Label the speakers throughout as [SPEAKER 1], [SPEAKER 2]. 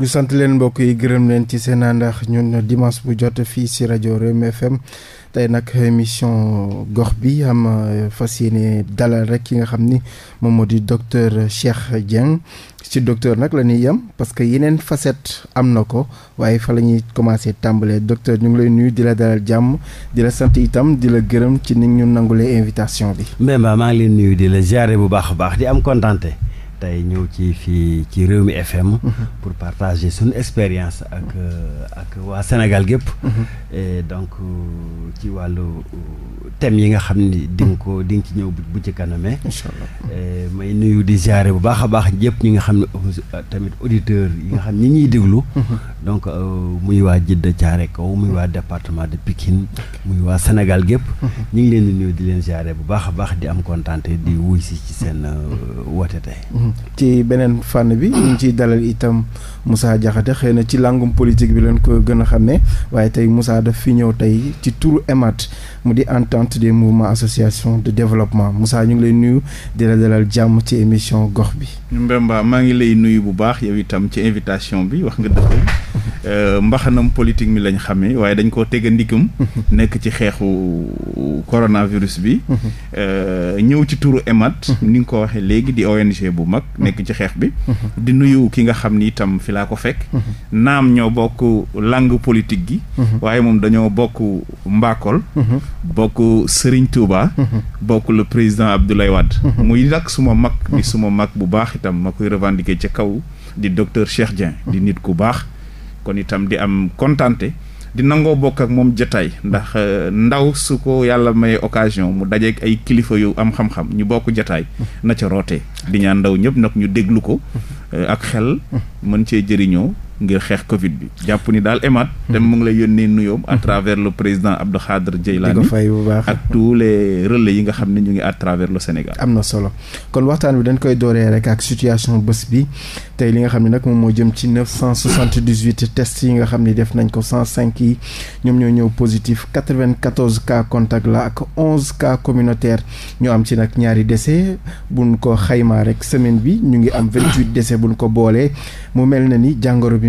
[SPEAKER 1] ñu sant leen mbokk yi gërëm leen ci seen ndax àndax ñun dimanche bu jot fii si rajo Rewmi FM tey nag émission gox bi am euh, fas yéene dalal rek ki nga xam ni moom moo di docteur Cheikh Dieng ci docteur nag la ñuy yem parce que yeneen facette am na ko waaye fa la ñuy commencé tàmbalee docteur ñu ngi lay nuyu di la dalal jàmm di la sant itam di la gërëm ci ni ñu nangulee invitation bi.
[SPEAKER 2] Mbemba maa ngi leen nuyu di la ziare bu a baax di am kontante. tey ñëw ci fii ci réew mi FM. Mhm. pour partager sunu expérience ak ak waa Sénégal gépp. Mhm. donc ci wàllu thèmes yi nga xam ni dinga nga ko mhm. di nga ci ñëw bu ci kanamee. incha may nuyu di ziare bu baax a baax ñëpp ñi nga xam ne tamit auditeurs yi nga xam ni ñuy déglu. donc euh, muy waa Jidda Thiaré kaw muy waa département de Pikine muy waa Sénégal gépp. ñu ngi leen di nuyu di leen ziare bu baax a baax di am kontaan di wuy si ci seen euh, woote
[SPEAKER 1] ci beneen fànn bi ñu ciy dalal itam Moussa Diakhaté xëy na ci làngum politique bi leen ko gën a xam ne waaye tey Moussa def fi ñëw tey ci turu EMAD mu di entente des mouvements association de développement Moussa ñu ngi lay nuyu di la dalal jàmm ci émission gox bi.
[SPEAKER 3] Mbemba maa ngi lay nuyu bu baax yow itam ci invitation bi wax nga dëgg euh, mbaxanam politique mi lañ xamee waaye dañ koo teg a ndigam. nekk ci xeexu coronavirus bi. Euh, ñëw ci turu EMAD. ni nga ko waxee léegi di ONG bu mag nekk ci xeex bi. di nuyu ki nga xam ni itam fi laa ko fekk. naam ñoo bokk langue politique gi. waaye moom dañoo bokk mbaakol. bokk Serigne Touba. bokk le président Abdoulaye Wade. muy nag suma mag. suma mag bu baax itam ma koy revendiquer ca kaw. di docteur Cheikh Dieng. di nit ku baax. kon itam di am kontante. di nangoo bokk ak moom jotaay ndax euh, ndaw su ko yàlla may occasion mu dajeek ay kilifa yu am xam-xam ñu bokk jotaay na ca rootee di ñaan ndaw ñëpp nag ñu déglu ko. Euh, ak xel mën cee jëriñoo. ngir xeex Covid bi jàpp ni daal EMAD. te mu ngi lay yónnee nuyoom. à travers le président Abdou Khadre Djeylani. ko fay bu baax ak tous les relais yi nga xam ni ñu ngi à travers Sénégal.
[SPEAKER 1] am na solo kon waxtaan bi dañ koy dooree rek ak situation bés bi tey li nga xam ne nag moom moo jëm ci neuf yi nga xam ne def nañ ko cent cinq yi ñoom ñoo ñëw positif quatre vingt quatorze cas contact la ak onze cas communautaire ñoo am ci nag ñaari décès buñ ko xaymaa rek semaine bi ñu ngi am vingt huit décès buñ ko boolee mu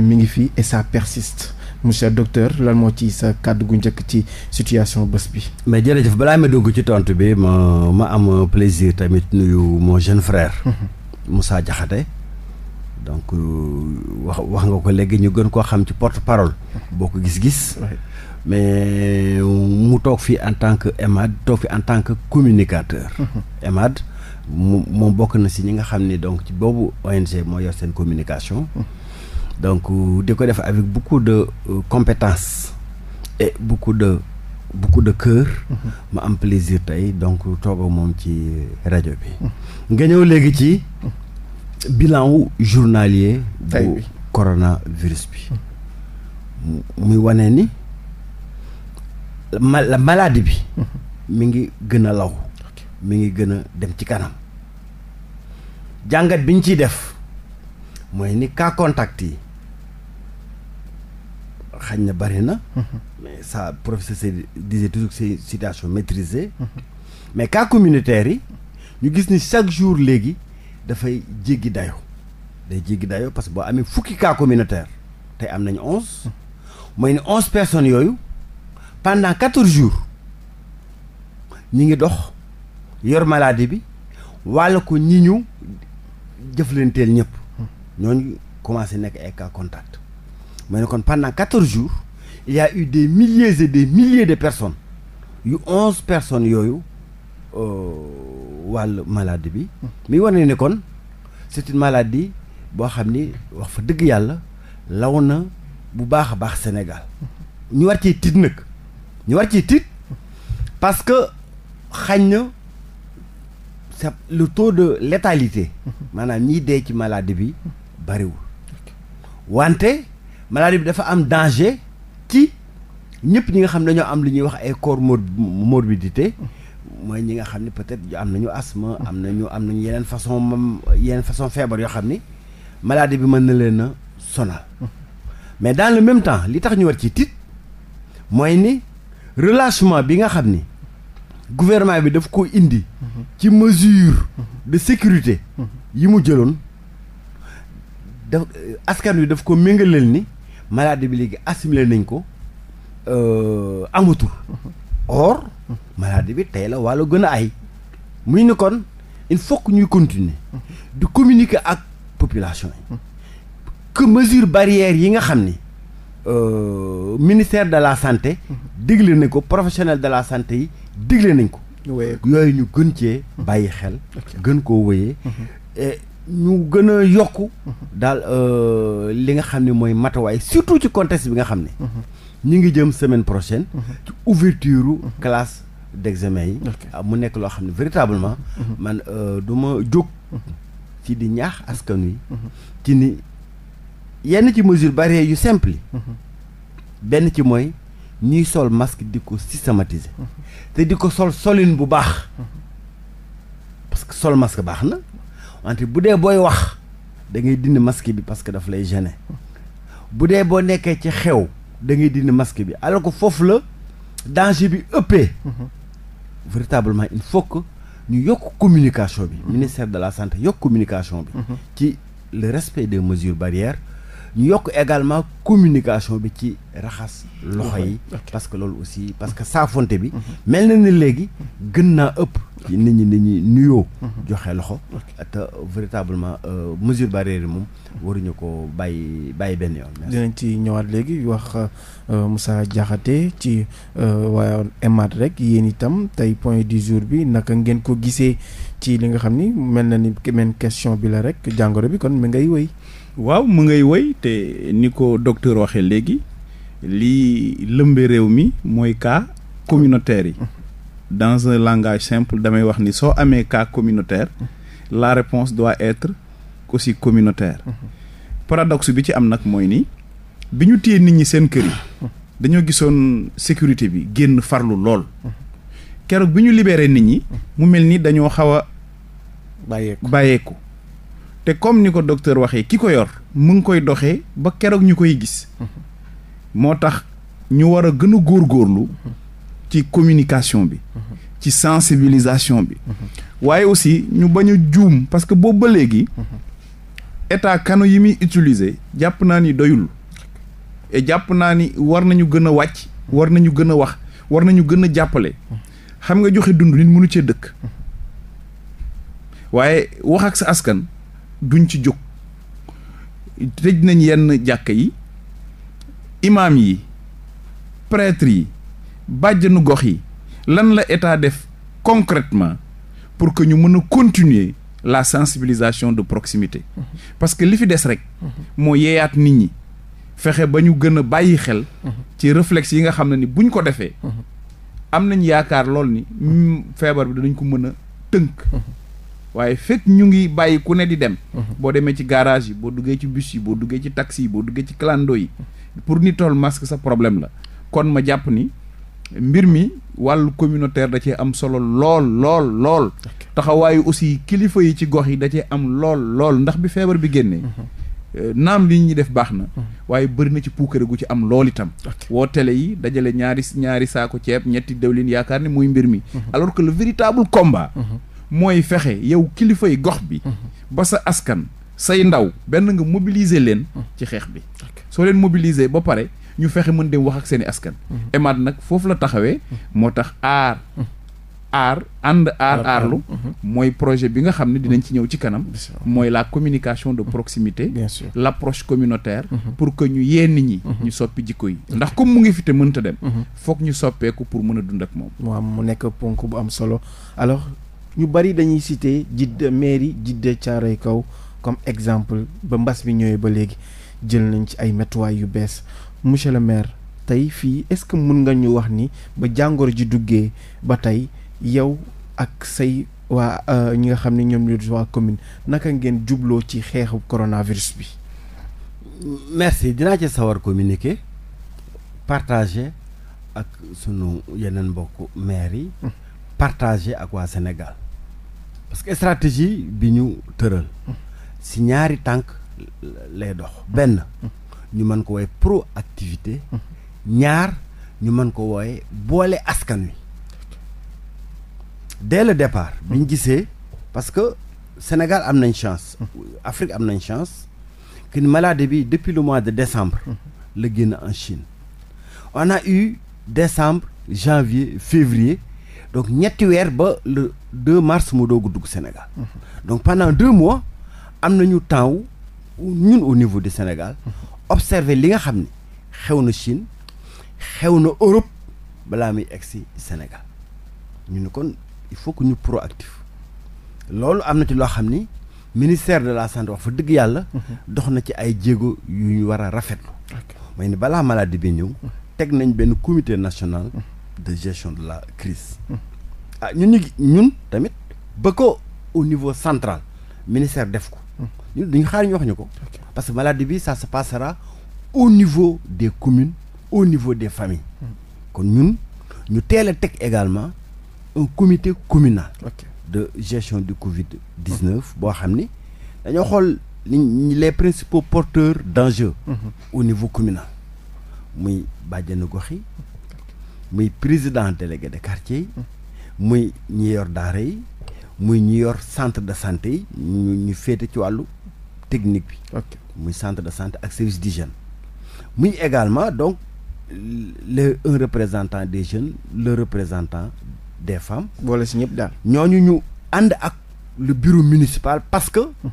[SPEAKER 1] mi ngi fii et ça persiste monsieur docteur lan moo ci sa kàddu gu njëkk ci situation bés bi.
[SPEAKER 2] mais jërëjëf balaa ma dugg ci tontu bi ma ma am euh, plaisir tamit nuyu moo jeune frère. Mhm. Moussa Diakhaté donc euh, wax wax nga ko léegi ñu gën koo xam ci porte parole. boo ko gis-gis. mais mu toog fii en tant que EMAD toog fi en tant que communicateur. EMAD mhm. moom bokk na si ñi nga xam ni donc ci boobu ONG moo yor seen communication. Mhm. donc di ko def avec beaucoup de euh, compétence et beaucoup de beaucoup de cœur. ma am plaisir tey donc tooga moom ci rajo bi. nga ñëw léegi ci bilan wu journalier. bu coronavirus bi. muy wane ni ma bi. mi ngi gën a law. mi ngi gën a dem ci kanam. jàngat bi ñu ciy def mooy ni cas contact yi. xañ na bari na. Mhm. mais ça professeur Seydi disait toujours que c'est une mhm. mais cas communautaire yi ñu gis ni chaque jour léegi dafay jéggi dayoo day jéggi dayoo parce que boo amee fukki cas communautaire tey am nañu onze mhm. mooy ne onze personnes yooyu pendant quatorze jours ñi ngi dox yor maladie bi walla ko ñi ñu jëflanteel ñëpp ñooñu commencé nekk ay cas contact ma ne kon pendant quatorze jours il y a eu des milliers et des milliers de personnes yu onze personnes yooyu euh, wàll maladie bi mi hmm. wane ne kon c'est une maladie boo xam ni wax fa dëgg yàlla law na bu baax a baax Sénégal hmm. ñu war ci tiit nag ñu war ci tiit parce que xañ na c'est le taux de létalité hmm. maanaam ñiy dee ci maladie bi bariwul wante maladie bi dafa am danger ci ñëpp ñi nga xam ne dañoo am li ñuy wax ay corps morbidité mooy ñi nga xam ne peut-être am nañu asthme am nañu am na yeneen façon moom yeneen façon feebar yoo xam ni maladie bi mën na leen a sonal mais dans le même temps li tax ñu war ci tiit mooy ni relâchement bi nga xam ni gouvernement bi daf ko indi ci mesure de sécurité yi mu jëloon daf askan wi daf ko méngaleel ni maladie bi léegi assimilé nañ ko euh, amatul or maladie bi tey la wàllu gën a ay muy ni kon il faut que ñuy continuer du communiquer ak population yi que mesure barrière yi nga xam ni euh, ministère de la santé digle nañ ko professionnel de la santé yi digle nañ ko yooyu ñu gën cee bàyyi xel gën koo wéyee mhm. ñu gën a yokk daal euh, li nga xam ne mooy matawaay surtout ci contexte bi nga xam ne ñu ngi jëm semaine prochaine ci ouverture classe d'examen yi ah, mu nekk loo xam ne véritablement man euh, du ma jóg ci di ñaax askan wi ci ni yenn ci mesure barrière yu simple benn ci mooy ñuy sol masque di ko systématiser te di ko sol solin bu baax parce que sol masque baax na wante bu dee booy wax da ngay dindi masque bi parce que daf lay gene bu dee boo nekkee ci xew da ngay dindi masque bi alors que foofu la danger bi ëppee. Mhm. véritablement il faut ñu yokk communication bi. Mhm. ministère de la santé yokk communication bi. Mhm. ci le respect des mesure barrières. ñu yokk également communication bi ci raxas loxo yi parce que loolu aussi parce que mm-hmm. saafonte bi mm-hmm. mel na ni léegi gën naa ëpp ci nit ñi nit ñi nuyoo mm-hmm. joxe loxo te véritablement euh, mesure barrière yi moom waruñu ko bàyyi bàyyi benn
[SPEAKER 1] yoon dinañ ci ñëwaat léegi wax euh, Moussa Diakhaté ci euh, waa emat rek yéen itam tey point du jour bi naka ngeen ko gisee ci li nga xam ni mel na ni men question bi la rek jàngoro bi kon mi ngay wéy waaw mu ngay woy te
[SPEAKER 3] ni ko docteur waxee léegi lii lëmbe réew mi mooy cas communautaire yi dans un langage simple damay wax ni soo amee cas communautaire la réponse doit être aussi communautaire paradoxe bi ci am nag mooy nii bi ñu téye nit ñi seen kër yi dañoo gisoon sécurité bi génn farlu lool keroog bi ñu libéré nit ñi mu mel ni dañoo xaw a bàyyeeku bàyyeeku te comme ni ko docteur waxee ki ko yor mu ngi koy doxee ba keroog ñu koy gis moo tax ñu war a gën a góorlu ci communication bi ci sensibilisation bi waaye aussi ñu bañ a juum parce que boobu ba léegi état kanu yi muy utiliser jàpp naa ni doyul jàpp naa ni war nañu gën a wàcc war nañu gën a wax war nañu gën a jàppale xam nga joxe dund nit mënu cee dëkk waaye wax ak sa askan duñ ci jóg tëj nañ yenn jàkk yi imaam yi prêtre yi bàjjanu gox yi lan la état def concretement pour que ñu mën a continuer la sensibilisation de proximité parce que li fi des rek moo yeeyaat nit ñi fexe ba ñu gën a bàyyi xel ci réflexe yi nga xam ne ni buñ ko defee am nañ yaakaar lool ni feebar bi dinañ ko mën a tënk waaye fekk ñu ngi bàyyi ku ne di dem mhm. boo demee ci garage yi boo duggee ci bus yi boo duggee ci taxi yi boo duggee ci clando yi pour ni toll masque sa problème la kon ma jàpp ni mbir mi wàllu communautaire da cee am solo lool lool lool taxawaayu aussi kilifa yi ci gox yi da cee am lool lool ndax bi feebar bi génnee mhm. euh, naam li ñuy def baax na mhm. waaye bëri na ci puukare gu ci am lool itam woo télé yi dajale ñaari ñaari saako ceeb ñetti dëwlin yaakaar ne muy mbir mi alors mooy fexe yow kilifay gox bi. Mhm. ba sa askan say ndaw benn nga mobiliser leen. Mhm. ci xeex bi. soo leen mobiliser ba pare ñu fexe mën dem wax ak seen i askan. Mhm. EMAD nag foofu la taxawee. moo tax aar. aar ànd aar aarlu mooy projet bi nga xam ne dinañ ci ñëw ci kanam mooy la communication de proximité bien sûr l'approche communautaire pour que ñu yee nit ñi ñu soppi jikko yi ndax comme mu ngi fi te mënta dem foog ñu soppeeku pour mën a dund
[SPEAKER 1] ak moom waaw mu nekk ponk bu am solo alors ñu bari dañuy citer Jidda mairie Jidda Caaroy kaw comme exemple ba mbas bi ñëwee ba léegi jël nañ ci ay matuwaay yu bees monsieur le maire tey fii est-ce que mën nga ñu wax ni ba jàngoro ji duggee ba tey yow ak say waa euh, ñi nga xam ne ñoom ñu waa commune naka ngeen jubloo ci xeexu coronavirus bi.
[SPEAKER 2] merci dinaa ci sawar communiquer partage ak sunu yeneen mbokk maire yi. Hmm. ak waa Sénégal. parce que stratégie bi ñu tëral si ñaari tànk lay dox benn ñu mën ko wooye activité ñaar ñu mën ko wooye boole askan wi dès le départ biñ gisee parce que Sénégal am nañ chance Afrique am nañ chance que maladie bi depuis le mois de décembre la génn en Chine on a u décembre janvier février donc ñetti weer ba le 2 mars mu doog a dugg Sénégal. donc pendant deux mois am nañu temps wu ñun au niveau du Sénégal. observer li nga xam ne xew na Chine xew na Europe balaa muy egg si Sénégal ñu ne kon il faut que ñu actif loolu am na ci loo xam ni ministère de la santé wax fa dëgg yàlla. dox na ci ay jéego yu ñu war a rafetlu. mooy ni balaa maladie bi ñëw. teg nañ benn comité national. de gestion de la crise ah ñun ñu ñun tamit ba ko au niveau central ministère def ko ñun dañu xaar ñu wax ñu ko parce que maladie bi ça se passera au niveau des communes au niveau des familles hmm. kon ñun ñu teel a teg également un comité communal okay. de gestion du Covid 19 boo xam ni dañoo xool ni les principaux porteurs d'enjeux mmh. au niveau communal muy bàjjenu gox yi muy président délégué de quartier yi muy ñi yor daara yi muy ñi yor centre de santé yi ñu ñu féete ci wàllu technique bi muy centre de santé ak service d'hygiène muy également donc le un représentant des jeunes le représentant des femmes boole si ñëpp daal ñooñu ñu ànd ak le bureau municipal parce que hmm.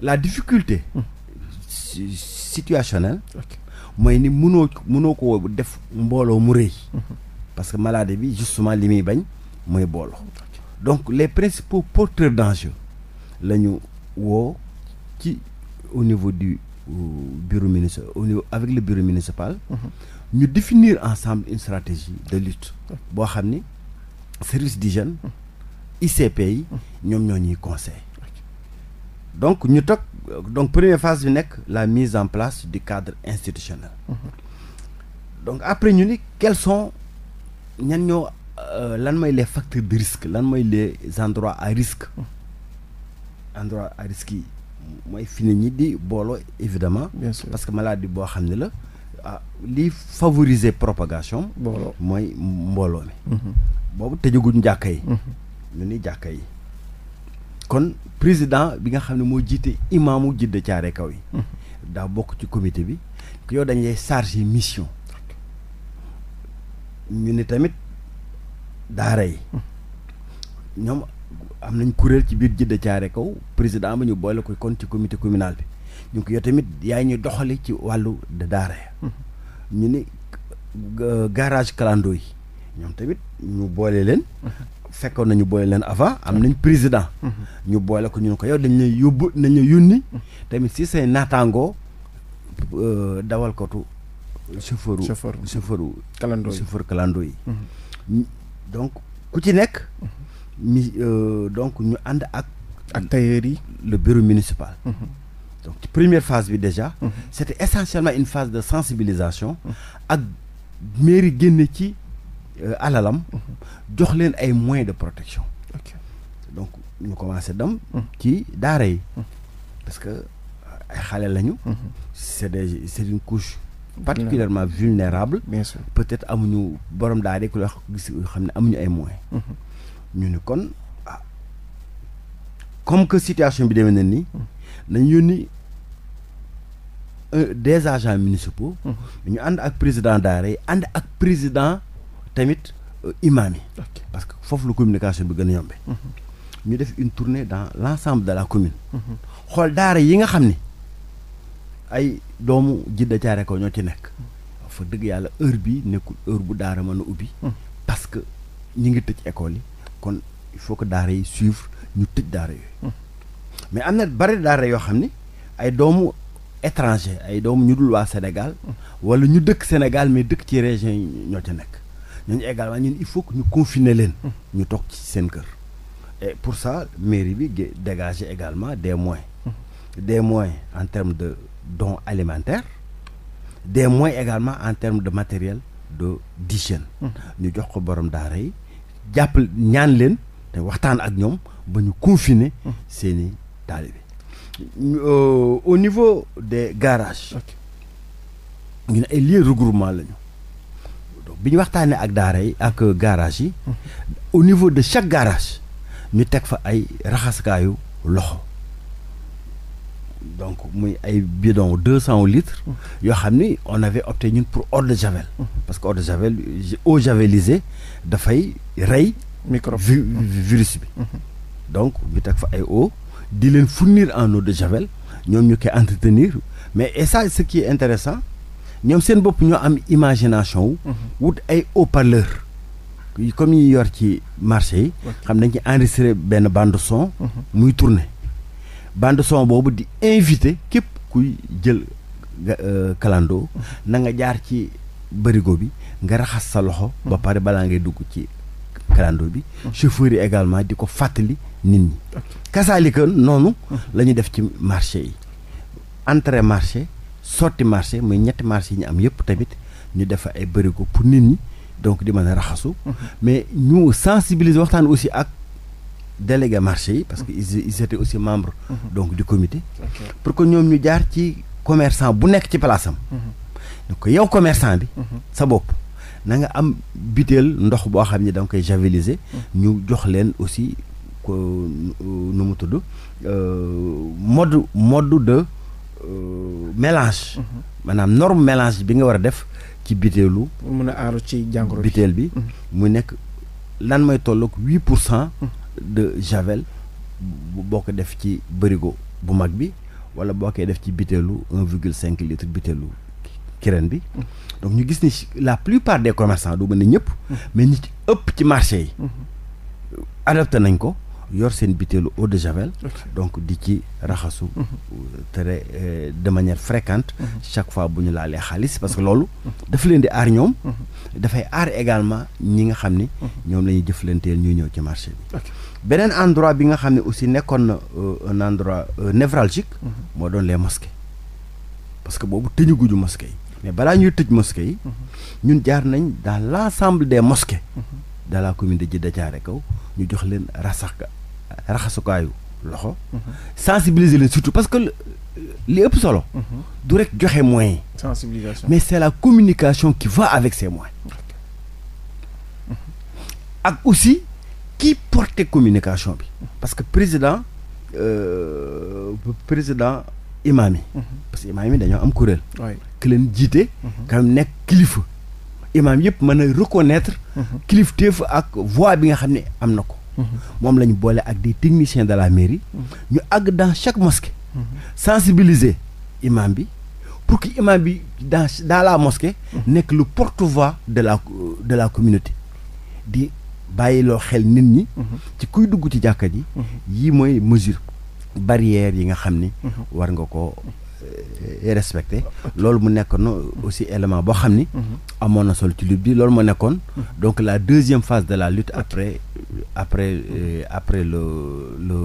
[SPEAKER 2] la difficulté hmm. situationnelle mooy ni mënoo mënoo ko def mbooloo mu rëy parce que maladie bi justement li muy bañ mooy booloo donc les principaux porteurs d'enjeu la ñu woo ci au niveau du euh, bureau municipal au niveau avec le bureau municipal mhm. ñu définir ensemble une stratégie de lutte boo xam ni service d'hygiène mhm. ICP yi mhm. ñoom ñoo ñuy conseil donc ñu toog donc première phase bi nekk la mise en place du cadre institutionnel mmh. donc après ñu ni quels sont ñan ñoo euh, lan mooy les facteurs de risque lan mooy les endroits à risque endroits à risque yi mooy fi nit ñi di booloo évidemment parce que maladie boo xam ne la ah li favoriser propagation mooy mbooloo mi mhm. boobu tëjaguñ jàkka yi mhm. ñu ni jàkka yi kon président bi nga xam ne moo jiite imaamu jidda caare kaw yi hmm. daa bokk ci comité bi yow dañ lay chargé mission ñu ni tamit daara yi hmm. ñoom am nañ kuréel ci biir jidda caare kaw président ba ñu boole ko kon ci comité communal bi ñu ko yow tamit yaay ñuy doxali ci wàllu daara ya hmm. ñu ni euh, garage kalando yi ñoom tamit ñu boole leen fekkoon nañu boole leen avant am nañ président. ñu boole ko ñu ne ko yow dañ lay yóbbu nañ la yónni. tamit si say naataangoo euh, dawalkatu. chauffeur chauffeur chauffeur kalandoo yi chauffeur kalandoo mhm. donc ku ci nekk. Mhm. mi euh, donc ñu ànd ak. ak tailleur yi. le bureau municipal.
[SPEAKER 4] Mhm. donc
[SPEAKER 2] première phase bi déjà. c'était essentiellement une phase de sensibilisation. ak mairie génne ci. Euh, alalam jox leen ay moyens de protection donc ñu commencé dem ci daara yi parce que ay xale lañu c'est des c'est une couche particulièrement vulnérable bien sûr peut-être amuñu borom daara yi ku la xam ne amuñu ay moyens ñu ni kon ah, comme que situation bi demee na nii nañ yónni euh, des agents municipaux ñu ànd ak président daara yi ànd ak président tamit euh, imaam yi. parce que foofu la communication bi gën a yombee. Mhm. ñu def une tournée dans l' ensemble de la commune. Mhm. xool daara yi nga xam ni ay doomu jidda caare ko ñoo ci nekk. Mhm. fa dëgg yàlla heure bi nekkul heure bu daara mën a ubbi. parce que ñu ngi tëj école yi kon il faut que daara yi suivre ñu tëj daara yooyu. mais am na bari daara yoo xam ni ay doomu étranger ay doomu ñu dul waa Sénégal. walla ñu dëkk Sénégal mais dëkk ci région yi ñoo ci nekk. ñooñu également ñun il faut ñu confiner leen. ñu toog ci seen kër. pour ça mairie bi dégager également des moyens. des moyens en termes de dons alimentaires. des moyens également en termes de matériel de d'hygiène. ñu jox ko borom daara yi jàpp ñaan leen te waxtaan ak ñoom ba ñu confiner seeni taalibe euh, au niveau des garages. ñu ne ay lieux regroupement lañu. donc bi ñu waxtaanee ak daara ak garage yi au niveau de chaque garage ñu teg fa ay raxaskaayu loxo donc muy ay bidon deux cent litres yoo xam ni on avait opté ñun pour eau de javel parce que eau de javel eau javelisée dafay rey microbe virus bi donc ñu teg fa ay o di leen fournir en eau de javel ñoom ñu koy entretenir mais et ça ce qui est intéressant ñoom seen bopp ñoo am imagination wu. Mhm. wut ay haut-parleur comme yi yor ci marché yi. xam nañ ci enregistré benn bande son. Mhm. muy tourner bande son boobu di invité képp kuy jël euh, kalandoo mhm. na nga jaar ci bërigo bi nga raxas sa loxo. ba pare balaa ngay dugg ci kalandoo bi. chauffeur yi également di ko fàttali nit ñi. kasaalika noonu. la ñuy def ci marché yi. entrée marché. sotti marché muy ñetti marché yi ñu am yëpp tamit ñu defa ay bërigo pour nit ñi donc di mën a raxasu. Mhm. mais ñu sensibiliser waxtaan aussi ak délégué marché yi. parce que ils ils étaient aussi membre mhm. donc du comité. pour que ñoom ñu jaar ci commerçant bu nekk ci place am. Mhm. donc yow commerçant bi. sa bopp. nanga am butéel ndox boo xam ne da nga koy javeliser. ñu jox leen aussi ko nu mu tudd euh, mode mode de Euh, mélange. maanaam norme mélange bi nga war a def ci bitéelu. pour mun a aaru ci jàngoro bi bi. Mhm. mu nekk lan mooy tolloog huit pour cent. Mhm. de javel boo ko def ci bërigo bu mag bi wala boo koy def ci bitéelu un virgule cinq litre bitéelu kireen bi. Mhm. donc ñu gis ni la plupart des commerçants du mën ne ñëpp. mais ñi ëpp ci marché yi. adopté nañ ko. yor seen butéelu eau de javel. donc di ci raxasu. Mhm. Euh, très euh, de manière fréquente. Mhm. chaque fois bu ñu laalee xaalis parce que loolu. Mhm. dafa leen di aar ñoom. dafay aar également ñi nga xam ni. ñoom la ñuy jëflanteel ñuy ñëw ci marché bi. beneen endroit bi nga xam ne aussi nekkoon na euh, un endroit névralgique. moo doon les mosquées parce que boobu tëju guju mosquées yi. mais balaa ñuy tëj mosquées yi. ñun jaar nañ dans l' ensemble des mosquées. de la commune de Djeddah Thiaroye Kaw ñu jox leen rasax raxasukaayu loxo. sensibiliser leen surtout parce que li ëpp solo. du rek joxe moyens.
[SPEAKER 1] sensibilisation mais c'est
[SPEAKER 2] la communication qui va avec ces moyens. ak aussi kii porte communication bi. parce que président euh, président imaam yi. parce que imaam yi dañoo am kuréel. ki leen jiite. quand mhm. même nekk kilifa. imaam yëpp mën a reconnaître. Mhm. kilifteef ak voix bi nga xam ne am na ko. moom la ñu boole ak des techniciens de la mairie. ñu àgg dans chaque mosquée. sensibiliser imam bi pour que imam bi dans dans la mosquée. nekk lu porte-voix de la de la communauté di bàyyiloo xel nit ñi. ci kuy dugg ci jàkka ji. yii mooy mesure barrière yi nga xam ni. war nga ko respecté loolu mu nekkoon aussi élément boo xam ni amoon na solo ci lutte bi loolu moo nekkoon donc la deuxième phase de la lutte après après euh, après le le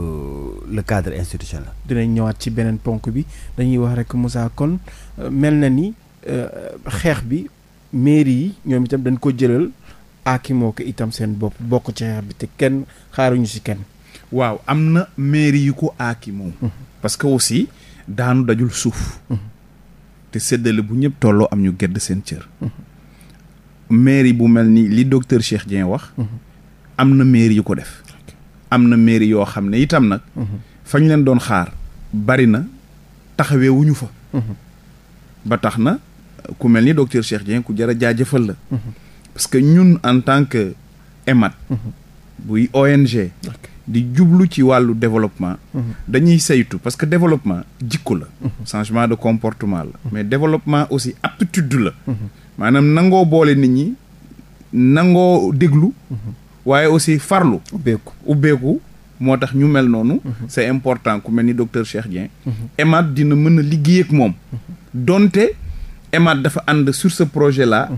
[SPEAKER 2] le cadre
[SPEAKER 1] institutionnel dinañ ñëwaat ci beneen ponk bi dañuy wax rek Moussa kon euh, mel na ni euh, xeex bi mairie yi ñoom itam dañ ko jëlal aakimoo ko itam seen bopp bokk ci xeex bi te kenn xaaruñu si kenn waaw am na mairie yu ko
[SPEAKER 3] aakimoo mhm. parce aussi daanu dajul suuf te séddale bu ñëpp tolloo am ñu gedd seen cër mairie bu mel ni li docteur Cheikh Dieng wax am na mairie yu ko def am na mairie yoo xam ne itam nag fañ leen doon xaar bari na taxawee wuñu fa ba tax na ku mel ni docteur Cheikh Dieng ku jar a jaajëfal la parce que ñun en tant que EMAD buy ONG di jublu ci wàllu développement mhm. dañuy saytu parce que développement jikku la mhm. changement de comportement la mhm. mais développement aussi aptitude la maanaam nangoo boole nit ñi nangoo déglu waaye aussi farlu ubbeeku ubbeeku moo tax ñu mel noonu c'est important ku mel ni docteur Cheikh Dieng EMAD dina mën a liggéey ak moom donte EMAD dafa ànd sur ce projet là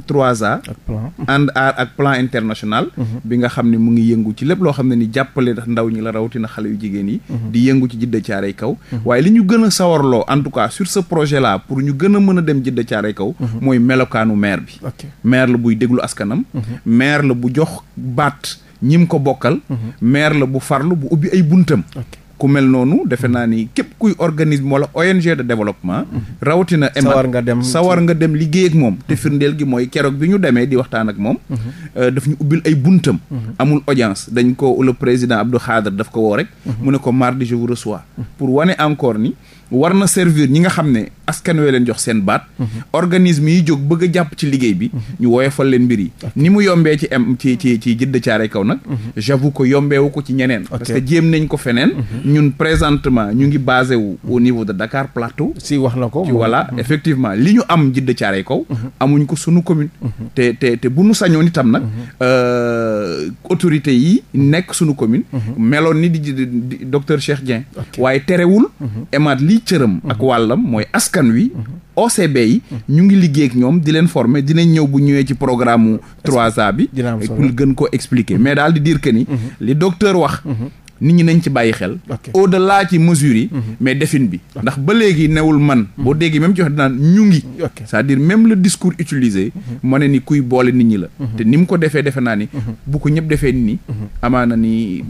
[SPEAKER 3] 3A. ak plan ànd aar ak plan international. Mhm. bi nga xam ne mu ngi yëngu ci lépp loo xam ne ni jàppale ndaw ñi la rawatina xale yu jigéen yi. Mhm. di yëngu ci jidda caaray kaw. Mhm. waaye li ñu gën a sawarloo en tout cas sur sa projet là pour ñu gën a mën a dem jidda caaray kaw. mooy melokaanu maire bi. maire la buy déglu askanam. maire la bu jox baat ñim ko bokkal. maire la bu farlu bu ubbi ay buntam. Okay. ku mel noonu defe naa ni képp kuy organisme wala ONG de développement mhm. rawatina sawar nga dem sawar nga dem liggéey moom te mhm. gi mooy keroog bi ñu demee di waxtaan ak moom mhm. euh, daf ñu ubbil ay buntam amul audience dañ ko le président Abdou Khadre daf ko woo rek mu ne ko mardi je vous reçois pour wane encore ni war na servir ñi nga xam ne askan we leen jox seen baat mhm. organisme yi jóg bëgg a jàpp ci liggéey bi mhm. ñu woyofal leen mbir yi ni mu yombee ci am ci ci ci jëdd caaray kaw nag mhm. j'avoue ko yombeewu ko ci ñeneen parce que jéem nañ ko feneen ñun présentement ñu ngi basé wu au niveau de Dakar Plateau si wax na ko voilà effectivement li ñu am jëdd caaray kaw amuñ ko sunu commune te te te bu nu sañoon itam nag euh, autorité yi nekk sunu commune meloon ni di docteur Cheikh Dieng waaye terewul emaat li ci cëram ak wàllam mooy askan wi OCB yi ñu ngi liggéey ak ñoom di leen former dinañ ñëw bu ñëwee ci programme 3A bi pour gën ko expliquer mais daal di diir que ni mhm. li docteur wax mhm. nit ñi nañ ci bàyyi xel au delà ci mesures yi mhm. mais defin bi ndax ba léegi newul man boo déggee même ci wax dinaan ñu ngi sa diir dire la le discours utilisé ma ne ni kuy boole nit ñi la te ni mu ko defee defe naa ni bu ko ñëpp defee ni ñi amaana ni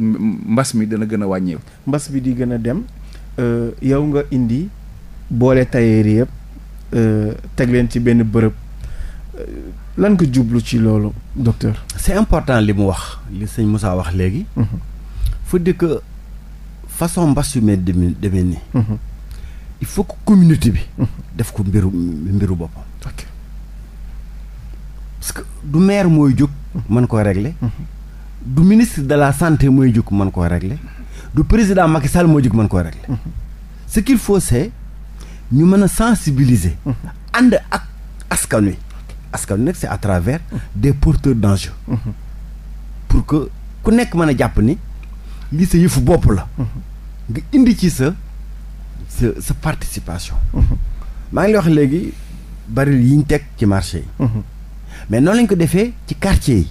[SPEAKER 3] mbas mi dana gën a wàññeeku
[SPEAKER 1] mbas bi di gën a dem Euh, yow nga indi boole tailleur yëpp euh, teg leen ci benn bërëb euh, lan ko jublu ci loolu docteur. c'est
[SPEAKER 2] important li mu wax li sëñ Moussa wax léegi. Mhm.
[SPEAKER 1] faut dire que façon
[SPEAKER 2] mbas yu mel demee nii. Mhm. il faut que communauté bi. Mhm. def ko mbiru mbiru boppam. parce que du maire mooy jóg. mën ko régler. du ministre de la santé mooy jóg mën ko régler. du président Macky Sall moo jóg mën koo régler mhm. ce qu'il faut c'est ñu mën a sensibiliser mhm. ànd ak askan wi askan wi nag c'est à travers mhm. des porteurs d'enjeux pour que ku nekk mën a jàpp ni lii sa yëfu bopp la nga indi ci sa sa sa participation maa ngi lay wax léegi baril yi ñu teg ci marché yi mais noonu lañ ko defee ci quartier yi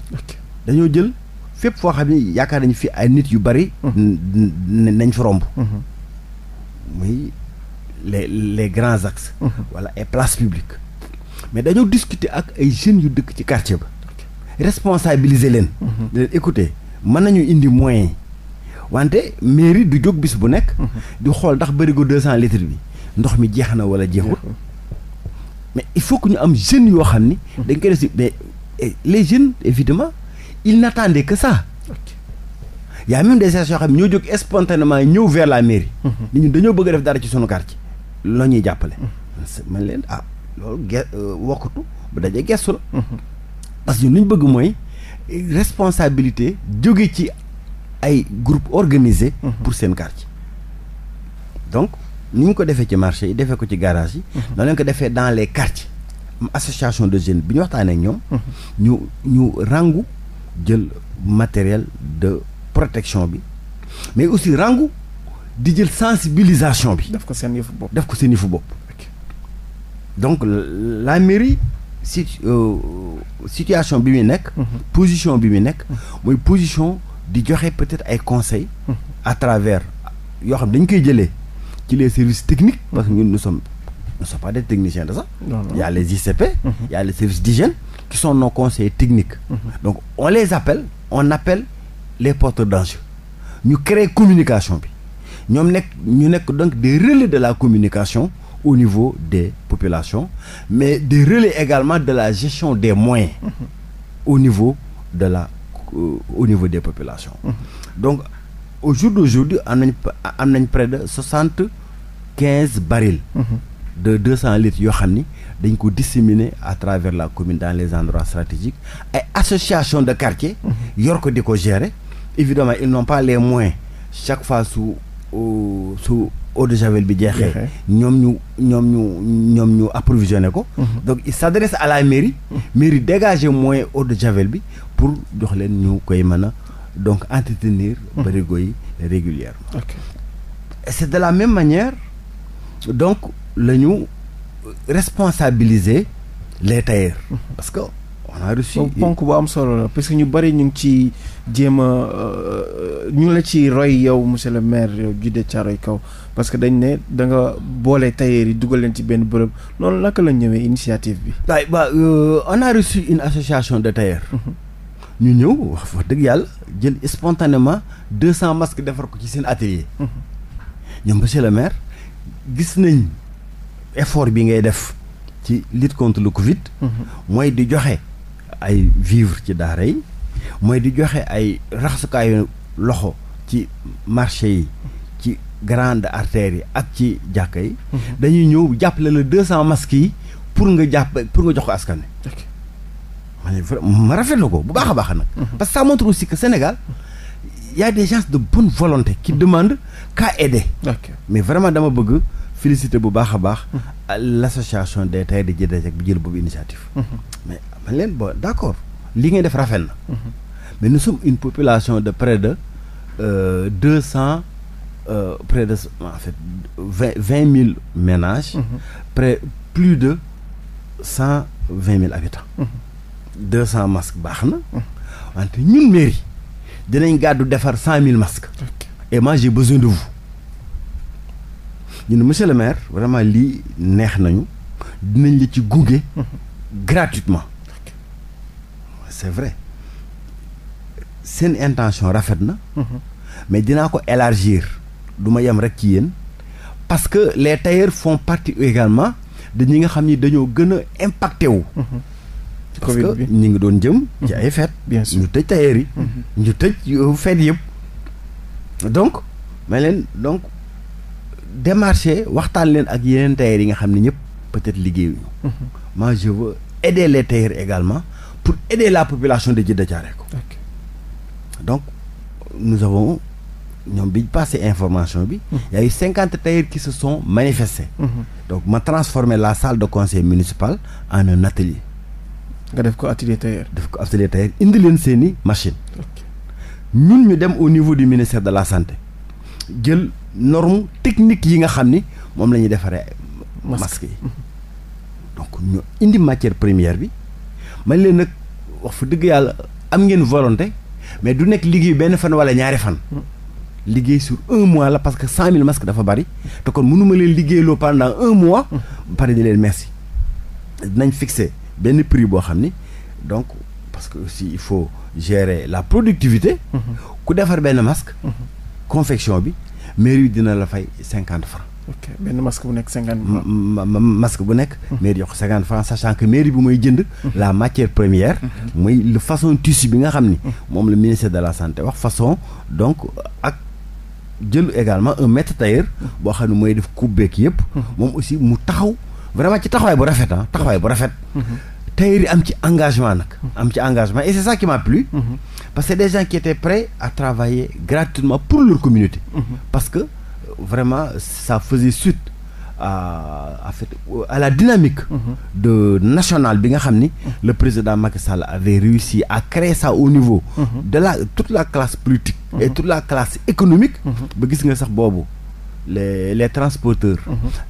[SPEAKER 2] dañoo jël fépp foo xam ni yaakaar nañu fi ay nit yu bari. Mhm. nañ fa romb. Mhm. muy les les grands axes. wala mhm. ay places publiques. mais dañoo discuter ak ay jeunes yu dëkk ci quartier ba. responsabiliser leen. leen écouter mën nañu indi moyens wante mairie du jóg bis bu nekk. di xool ndax bërigo deux cent litres bi ndox mi jeex na wala jeexul. mais il faut que ñu am jeunes yoo xam ni. dañ koy def si mais eh, les jeunes évidemment ils n'attendaient que sax y a même des gens yoo xam ñoo jóg yi ñëw vers la mairie. Mhm. ni ñun dañoo bëgg a def dara ci sunu quartier. loo ñuy jàppale. Mhm. man leen ah loolu ge euh, wokkatu bu mhm. parce que ñun ñu bëgg mooy responsabilité jóge ci ay groupe organisé. pour seen quartier. donc ni ñu ko defee ci marché yi defee ko ci garage yi. noonu leen ko defee dans les quartiers. am association de jeunes bi ñu waxtaanee ak ñoom. ñu ñu rangu. jël matériel de protection bi mais aussi rangu di jël sensibilisation bi. def ko seen yëfu bopp def ko seen yëfu bopp. donc la mairie si euh, bi muy nekk. Mhm. position bi muy nekk. Mhm. mooy position di joxe peut-être ay conseils. Mhm. à travers yoo xam dañ koy jëlee ci les services techniques. parce que ñun nous pas des techniciens de ça. non non y a les qui sont nos conseillers techniques. Mhm. donc on les appelle on appelle les porteurs d'enjeux ñu créer communication bi ñoom nekk ñu nekk donc des relais de la communication au niveau des populations mais des relais égalements de la gestion des moyens. Mhm. au niveau de la euh, au niveau des populations. Mhm. donc au jour d'aujourd'hui am nañ am nañ près de soixante quinze barils. de deux cent litres yoo xam ni dañ ko disséminer à travers la commune dans les endroits stratégiques ay association de quartier mhm. yor ko di ko gérer évidemment ils n'ont pas les moyens chaque fois su euh, su eau de javel bi jeexee ñoom ñu ñoom ñu ñoom ñu approvisionné ko mhm. donc il s'adresse à la mairie mhm. mairie dégager moyen eau de javel bi pour jox leen ñu koy mën donc entretenir barigo régulièrement c'est de la même manière donc la ñu responsabiliser les tailleurs mmh. parce que on a ponk
[SPEAKER 1] bu am solo la parce que ñu bari ñu ngi ci jéem a euh, ñu ngi la ci roy yow monsieur le maire yow Djiddah Thiaroye Kaw parce que dañ ne danga nga boole tailleur yi dugal leen ci benn bërëb loolu naka la ñëwee initiative bi. waaye ba euh, une association de tailleurs. Mmh. ñu ñëw
[SPEAKER 2] wax wax dëgg yàlla jël spontanément deux cent masques defar ko ci seen atelier. Mmh. ñoom monsieur le maire gis nañ. effort bi ngay def ci lutte contre le Covid. Mm-hmm. mooy di joxe ay vivre ci daara yi mooy di joxe ay raxasukaayu loxo ci marché yi ci grande artères yi ak ci jàkka yi. Mm-hmm. dañu ñëw jàppale la deux cent masques yi pour nga jàpp pour nga jox ko askan ma ne ma ko bu baax a baax nag. Mm-hmm. parce que ça montre aussi que Sénégal y des gens de bonne volonté. qui demandent qu'à aider. mais vraiment dama bëgg. félicité bu baax a baax. l' association des tailleurs de Djeddah Diack bi jël boobu initiative. Mhm. mais man leen bon d' li ngeen def rafet na. Mhm. mais nous sommes une population de près de euh, deux cent euh, près de en fait vingt vingt mille ménages. Mhm. près plus de cent vingt mille habitants. deux cent masques baax na. wante ñun mairie dinañ gàddu defar cent mille masques. et moi besoin de vous. ñu ne monsieur le maire vraiment lii neex nañu dinañ la ci gunge. gratuitement. c'est vrai seen intention rafet na. Mhm. mais dinaa ko élargir duma ma yem rek ci yéen. parce que les tailleurs font partie également de ñi nga xam ni dañoo gën a impacté wu. Mhm. parce que ñi ngi doon jëm. ci mhm. ay fête. bien sûr ñu tëj tailleurs yi. ñu tëj fête yëpp. donc ma leen donc. démarché waxtaan leen ak yeneen tailleur yi nga xam ne ñëpp peut-être liggéeyuñu. Mhm. moi je veux aider les également pour aider la population de Djeddah Thiaroye okay. donc nous avons ñoom bi passé information bi. Mhm. y a eu cinquante tailleurs mhm. donc ma transformé la salle de conseil municipal en un atelier. nga def ko atelier tailleur. def ko machine ñun ñu dem au niveau du ministère de la santé jël norme technique yi nga xam ni moom la ñuy defaree masque yi donc ñu indi matière première bi mañ leen nag wax fu dëgg yàlla am ngeen volonté mais du nekk liggéey benn fan wala ñaari fan hmm. liggéey sur un mois la parce que cent mille masques dafa bari te kon mënuma leen liggéeyloo pendant un mois hmm. pare di leen merci dinañ fixer benn prix boo xam ni donc parce que aussi il faut gérer la productivité hmm. ku defar benn masque confection bi mairie yi dina la fay cinquante franc. ok nekk cinquante franc. masque bu nekk. mairie yokk cinquante franc sachant que mairie bi mooy jënd. la matière première. mooy le façon tissu bi nga xam ni. moom la ministère de la santé wax façon donc ak. jël également un maître tailleur boo xam ne mooy def coupe beeg yëpp. moom aussi mu taxaw vraiment ci taxawaay bu rafet ah taxawaay bu rafet. tailleur yi am ci engagement nag. am ci engagement et c'est ça qui m'a plu. Parce que des gens qui étaient prêts à travailler gratuitement pour leur communauté. Mhm. Parce que vraiment, ça faisait suite à, à, fait, à la dynamique mhm. de nationale bi nga xam ni mhm. le président Macky Sall avait réussi à créer ça au niveau de la toute la classe politique et toute la classe économique ba gis nga sax boobu les les transporteurs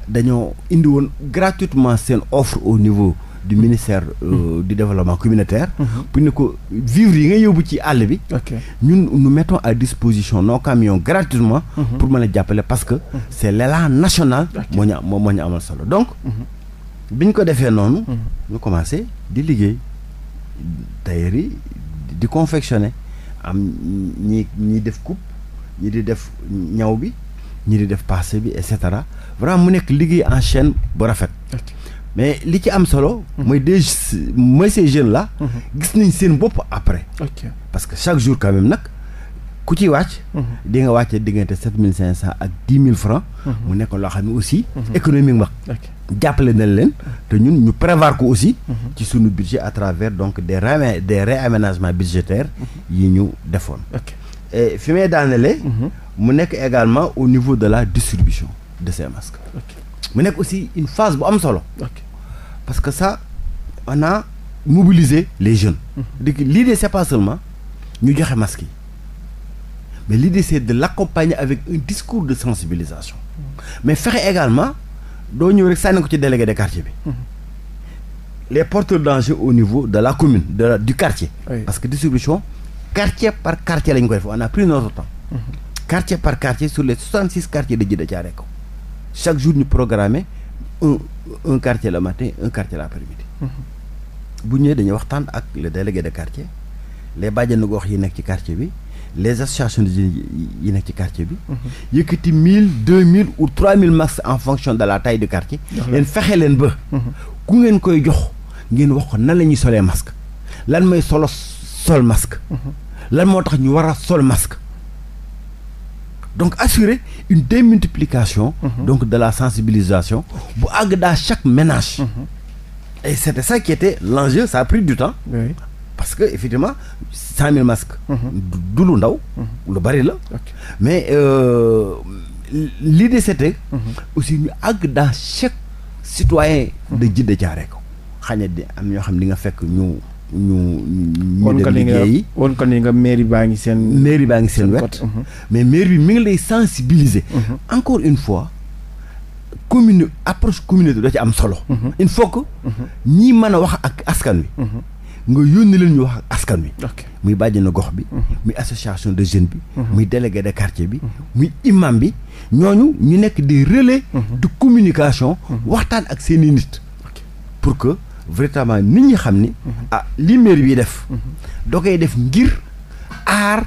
[SPEAKER 2] dañoo indi woon gratuitement seen offre au niveau du ministère euh, mm-hmm. du développement communautaire. Mm-hmm. pour ne ko vivre yi nga yóbbu ci àll bi. ñun nous mettons à disposition nos camions gratuitement. Mm-hmm. pour mën a jàppale parce que. c' est l' élan national. moo ñu moo ñu amal solo donc. bi ñu ko defee noonu. ñu commencé di liggéey tailleur yi di confectionner am ñi ñi def coupe ñi di def ñaw bi ñi di def passé bi et cetera a mu nekk liggéey en chaîne bu rafet. mais li ci am solo. mooy des mooy ces jeunes là. gis nañ seen bopp après. Okay. parce que chaque jour quand nag ku ci wàcc. Mhm. di nga wàcce diggante sept mille cinq cent ak dix mille francs. Mhm. mu nekk loo xam ne aussi. Mhm. économiquement. jàppale nañ leen te ñun ñu prévoir ko aussi. ci suñu budget à travers donc des ré des réaménagements budgétaires yi ñu defoon. fi may daanelee. mu nekk également au niveau de la distribution de ces masques. mu nekk aussi une phase bu am solo. parce que ça on a mobilisé les jeunes. Mhm. di l'idée c'est pas seulement ñu joxe masque yi mais l'idée c'est de l'accompagner avec un discours de sensibilisation. Mhm. mais fexe également doo ñëw rek sànni ko ci délégué de quartier bi. Mhm. les porteurs d'enjeux au niveau de la commune de la, du quartier. Oui. parce que distribution quartier par quartier lañ koy def on a pris notre temps. quartier par quartier sur les 66 quartiers de Djeddah Thiaroye Kaw chaque jour ñu programmer un un quartier le matin un quartier l'après-midi. Mhm. bu ñëwee dañu waxtaan ak le délégué de quartier les bàjjenu gox yi nekk ci quartier bi les associations de jeunes yi nekk ci quartier bi. Mhm. yëkkati mille deux mille ou trois mille max en fonction de la taille du quartier. leen fexe leen ba. Mhm. ku ngeen koy jox ngeen wax ko nan la ñuy solee masque lan mooy solo sol masque. lan moo tax ñu war a sol masque. donc assurer une démultiplication mhm. donc de la sensibilisation bu àgg dans chaque ménage mhm. et c'était ça qui était l'enjeu ça a pris du temps oui. parce que effectivement cent mille masques mhm. du lu ndaw lu bari la mais euh, l'idée c'était aussi ñu àgg dans chaque citoyen da Djiddah Thiaroye ko xaña di am ñoo xam li nga fekk ñu ñu ñu dem liggéeyi woon ko ni nga mairie baa ngi seen mairie baa ngi seen wet uh-huh. mais mairie bi mi ngi lay sensibiliser uh-huh. encore une fois commune approche communauté da ci am solo uh-huh. il faut que ñi mën a wax ak askan wi nga yónni leen ñu wax ak askan wi muy bàjjenu gox bi muy association de jeunes bi muy délégué de quartier bi muy imam bi ñooñu ñu nekk des relais de communication waxtaan ak seeni nit véritablement nit ñi xam ni. Mhm. ah li bi def. Mhm. da koy def ngir
[SPEAKER 1] aar.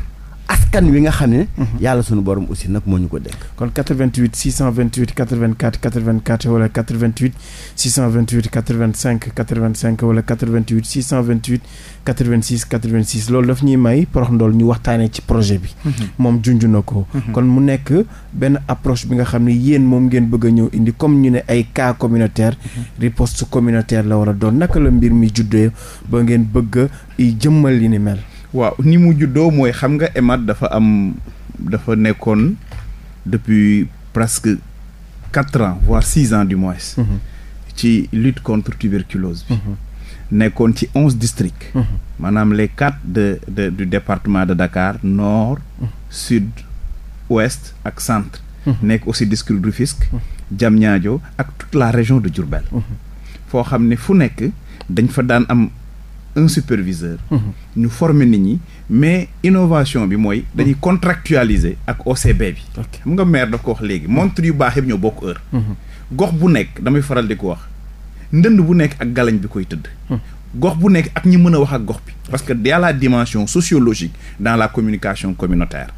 [SPEAKER 1] askan wi nga xam ne. Mhm. yàlla sunu borom aussi nag moo ñu ko dénk. kon 88 628 84 84 wala 88 628 85 85 wala 88 628 86 86 loolu daf ñuy may porox ndool ñu waxtaanee ci projet bi. Mhm. moom junj na ko. Mhm. kon mu nekk benn approche bi nga xam ne yéen moom ngeen bëgg a ñëw indi comme ñu ne ay cas communautaire. riposte communautaire la war a doon naka la mbir mi juddee ba ngeen bëgg a jëmmal li ni mel. waaw ni mu
[SPEAKER 3] juddoo mooy xam nga EMAD dafa am dafa nekkoon depuis presque quatre ans voire six ans du moins. Mhm. ci lutte contre tuberculose bi. Mhm. nekkoon ci onze districts. Mhm. maanaam les quatre de de du département de Dakar nord. sud ouest ak centre. nekk aussi district jam Diamniadio ak toute la région de Diourbel. foo xam ne fu nekk dañ fa daan am. un superviseur. Mhm. ñu former nit ñi mais innovation bi mooy. dañuy mhm. contractualiser ak OCB bi. mu nga maire daf ko wax léegi montre yu baax ñoo bokk heure. Mhm. gox bu nekk damay faral di ko wax ndënd bu nekk ak galañ bi koy tëdd. gox bu nekk ak ñi mën a wax ak gox bi. parce que y a la dimension sociologique dans la communication communautaire.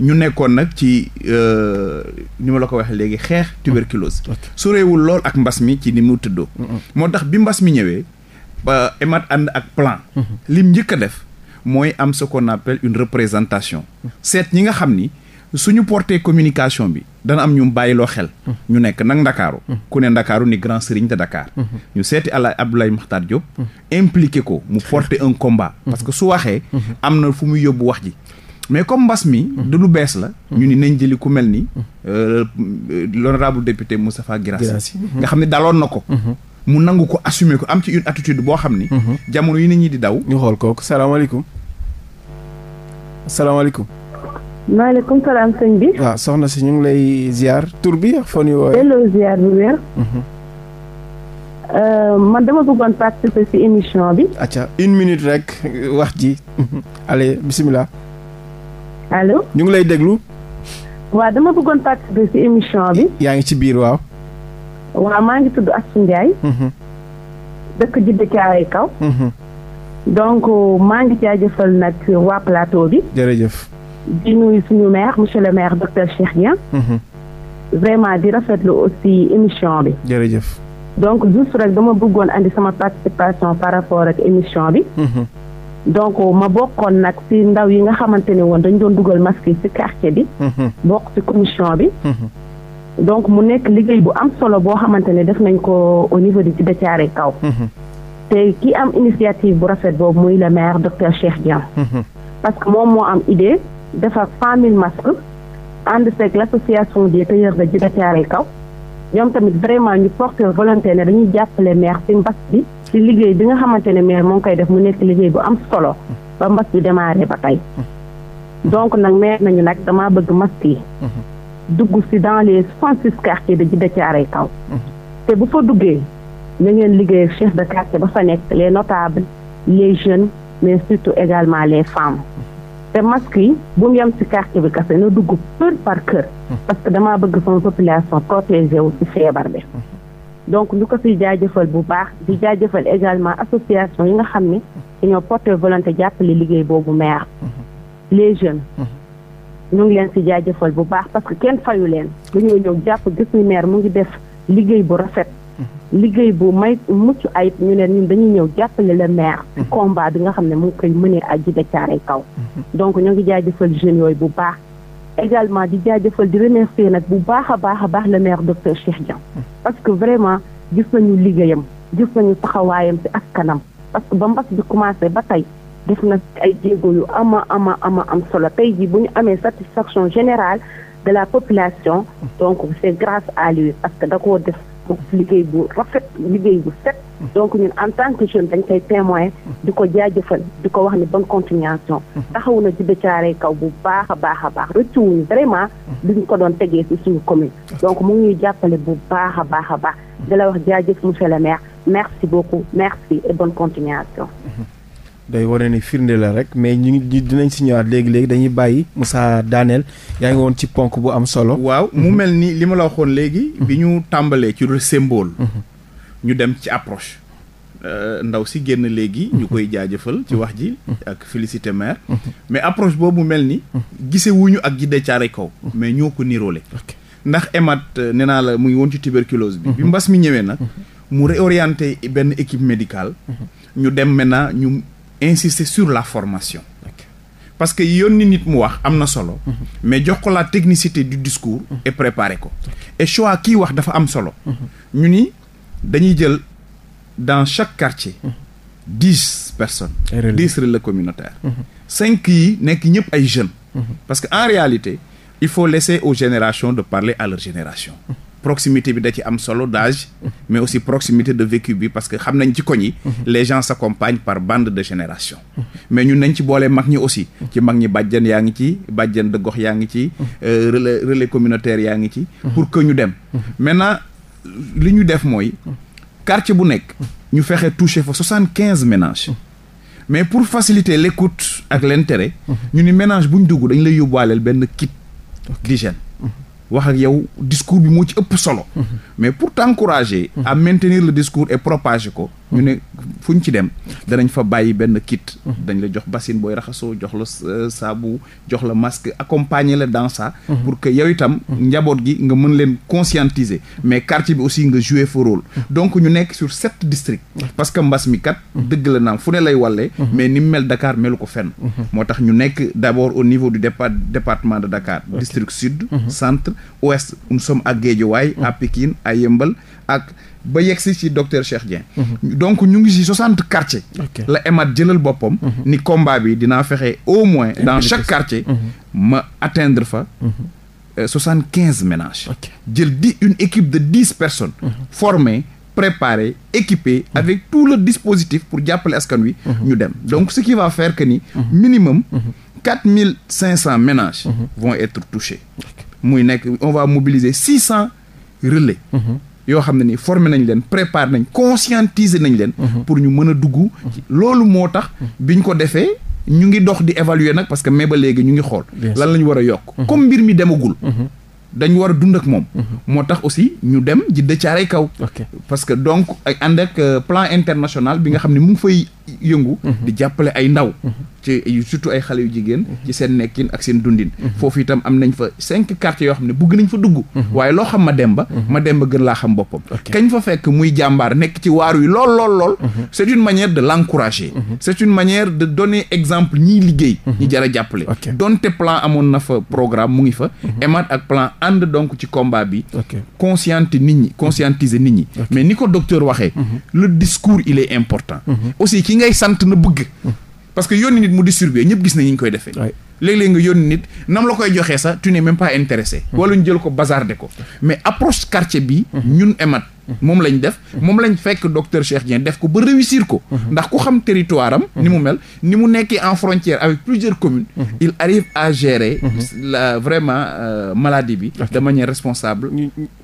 [SPEAKER 3] ñu nekkoon nag ci euh, ni ma la ko waxee léegi xeex tuberculose. soreewul lool ak mbas mi ci ni mu tëddoo. moo tax bi mbas mi ñëwee. ba EMAD ànd ak plan. lim njëkk a def mooy am ce qu'on une représentation. seet ñi nga xam ni suñu porté communication bi dana am ñu bàyyiloo xel. ñu nekk nag ndakaaru ku ne ndakaaru ni grand serigne de Dakar. ñu seeti ala Abdoulaye Makhtar Diop. impliqué ko mu porter un combat. parce que su waxee. am na fu muy yóbbu wax ji. mais comme mbas mi du lu bees la ñu ni nañ jëli ku mel ni euh, l'honorable député Moustapha Guirassy nga xam ne daloon na ko mhm. mu nangu ko assumer ko am ci une attitude boo xam ni. Mhm. jamono yi nit ñi di daw. ñu xool kooku salaamaaleykum.
[SPEAKER 1] salaamaaleykum.
[SPEAKER 5] maaleykum salaam sëñ bi. waaw
[SPEAKER 1] soxna si ñu ngi lay ziar tur bi foo ñu woowee.
[SPEAKER 5] delloo ziar bu wér. Mhm. Euh, man dama bëggoon participer ci émission bi.
[SPEAKER 1] acca une minute rek wax ji. Mhm. allez bisimilah. alo ñu ngi lay déglu.
[SPEAKER 5] waaw dama bëggoon participer ci émission bi.
[SPEAKER 1] yaa ngi ci biir waaw.
[SPEAKER 5] waaw maa ngi tudd Astou Ndiaye. Mhm. dëkk Jidda Caaroy Kaw. Mhm. donc maa ngi jaajëfal nag waa plateau bi. jërëjëf. di nuyu suñu meer monsieur le maire docteur Cheikh Dieng. Mhm. vraiment di rafetlu aussi émission bi. jërëjëf. donc juste rek dama bëggoon indi sama participation par rapport ak émission bi. donc ma bokkoon nag ci ndaw yi nga xamante ne woon dañ doon dugal masque ci quartier bi. bokk ci commission bi. donc mu nekk liggéey bu am solo boo xamante ne def nañ ko au niveau de Djidah Thiaroye Kaw mhm. te ki am initiative bu rafet boobu muy le maire docteur Cheikh Dieng mhm. parce que moom moo am idée defar cent mille masques ànd seeg l' association des tailleurs de Djidah Thiaroye Kaw ñoom tamit vraiment ñu porter volonté ne dañuy jàppale maire ci mbas bi ci liggéey bi nga xamante ne maire moo ngi koy def mu nekk liggéey bu am solo ba mbas bi démarré ba tey mhm. donc nag maire nañu nag damaa bëgg masques yi dugg si dans les soixante-six quartiers de de Thiaroye Kaw te bu fa duggee na ngeen liggéey chef de quartier ba fa nekk les notables les jeunes mais surtout également les femmes te maski yi bu mu yem si quartier bi kese na dugg kër par kër parce que damaa bëgg sama population protégée wu feebar bi donc ñu ko fiy jaajëfal bu baax di jaajëfal également association yi nga xam ni dañoo porté volonté jàppale liggéey boobu maire les jeunes ñu ngi leen si jaajëfal bu baax parce que kenn fayu leen dañoo ñëw jàpp gis ni maire mu ngi def liggéey bu rafet mhm. liggéey bu may mucc ayib ñu ne ñun dañuy ñëw jàppale le maire ci mhm. combat bi nga xam ne mu ngi koy mënee ak Djidah Thiaroye Kaw mhm. donc ñu ngi jaajëfal jeunes yooyu bu baax également di jëfal di remercier nag bu baax a baax a baax la maire docteur Cheikh Diaw parce que vraiment gis nañu liggéeyam gis nañu taxawaayam ak kanam parce que ba mbas bi commencé ba tey def na ay jéego yu ama ama ama am solo tey jii bu ñu amee satisfaction générale de la population donc c'est grâce à lui parce que da koo def liggéey bu rafet liggéey bu set donc ñun en tant que jeune dañ koy témoin di ko jaajëfal di ko wax ni bonne continuation taxaw na Djidah Thiaroye Kaw bu baax a baax a baax rëccuwuñu vraiment li ñu ko doon tegee ci suñu commune donc mu ngi ñuy jàppale bu baax a baax a baax di la wax jaajëf monsieur le maire merci beaucoup merci et bonne continuation
[SPEAKER 1] day wane ni firnde la rek mais ñu ngi dinañ si ñëwaat léegi léegi dañuy bàyyi Moussa Daaneel yaa ngi woon ci ponk bu am solo. waaw mu mhm. mel ni li
[SPEAKER 3] ma la waxoon léegi. Mhm. bi ñu tàmbalee ci le symbole. Mhm. ñu dem ci approche. Euh, ndaw si génn léegi. ñu koy jaajëfal ci wax ji. ak félicité maire. mais approche boobu mel ni. gise wuñu ak ji decaare kaw. mais ñoo ko niroole. ndax emat euh, ne naa la mu ngi woon ci tuberculose bi. bi mbas mi ñëwee nag. mu réorienté benn équipe médical insister sur la formation parce que yónni nit mu wax am na solo mhm. mais jox ko la technicité du discours mhm. et préparer ko et choix kii wax dafa am solo mhm. ñu ni dañuy jël dans chaque quartier dix personnes dix relais communautaires cinq yi nekk ñëpp ay jeunes parce que en réalité il faut laisser aux générations de parler à leur génération proximité bi da ci am solo dage mais aussi proximité de vécu bi parce que xam nañ ci koñ yi les gens s'accompagnent par bande de génération mais ñun nañ ci boolee mag ñi aussi ci mag ñi bàjjan yaa ngi ci bàjjan de gox yaa ngi ci euh, relais relais communautaire yaa ngi ci pour que ñu dem maintenant li ñu def mooy quartier bu nekk ñu fexe toucher fa quinze ménages mais pour faciliter l'écoute ak l'intérêt ñu ni ménage bu ñu dugg dañ lay yóbbaaleel benn kit d'hygiène wax ak yow discours bi mu ci ëpp solo. Mhm. mais pour t'encourager. à maintenir le discours et propager ko. ñu ne fu ñu ci dem danañ fa bàyyi benn kit. dañ la jox bassine booy raxasoo jox la euh, saabu jox la masque accompagner la dans ça. Mhm. pour que yow itam. Mhm. njaboot gi nga mën leen conscientiser. mais quartier bi aussi nga jouer fa rôle. Mhm. donc ñu nekk sur sept districts. parce que mbas mi kat. dëgg la naam fu ne lay walle mais ni mu mel Dakar melu ko fenn. moo tax ñu nekk d' abord au niveau du départ département de Dakar. district sud. centre ouest nous sommes à Guédiawaye à Pikine à Yembal ak. ba si ci docteur Cheikh Dieng. Mhm. donc ñu ngi ci soixante quartiers. la mat jëlal boppam. Mhm. ni combat bi dinaa fexe au moins. dans chaque quartier. Mhm. ma atteindre fa. Euh, soixante quinze ménages. jël di une équipe de dix personnes. formées préparées équipées avec tout le dispositif pour jàppale askan wi. ñu dem donc ce qui va faire que ni. minimum quatre mille cinq cent ménages. vont être touchés. muy nekk on va mobiliser six cent relais. yoo xam ne ni formé nañ leen prépare nañ conscientiser nañ leen. Mhm. pour ñu mën a dugg. Mhm. loolu moo tax bi mhm. biñ ko defee. ñu ngi dox di évaluer nag parce que mais ba léegi ñu ngi xool. lan la ñu war a yokk. comme mbir mi demagul. dañu war a dund ak moom. moo tax aussi ñu dem ji ay kaw. parce que donc ay ànd ak euh, plan international bi nga xam ne mu ngi fay yëngu. di jàppale ay ndaw. ci surtout ay xale yu jigéen ci seen nekkin ak seen dundin foofu itam am nañ fa cinq quartiers yoo xam ne bëgg nañ fa dugg waaye loo xam ma demba ma demba gën laa xam boppam kañ fa fekk muy jàmbaar nekk ci waaru yi lool lool lool c' est une manière de l' encourager est une manière de donner exemple ñiy liggéey ñi jar a jàppale donte plan amoon na fa programme mu ngi fa mhm. emat ak plan ànd donc ci combat bi consciente nit ñi conscientiser nit ñi mais ni ko docteur waxee mhm. le discours il est important mhm. aussi ki ngay sant na bëgg parce que yónni nit mu distribuer ñëpp gis na ñu koy defee léeg-léeg nga yónni nit nam la koy joxee sax tu n'es même pas intéressé mm-hmm. wala ñu jël ko bazardé ko mais approche quartier bi mm-hmm. ñun emat mm-hmm. moom lañ def moom lañ fekk docteur Cheikh Dieng def ko ba réussir ko ndax ku xam territoire am ni mu mel ni mu nekkee en frontière avec plusieurs communes il arrive à gérer la vraiment euh, maladie bi de manière responsable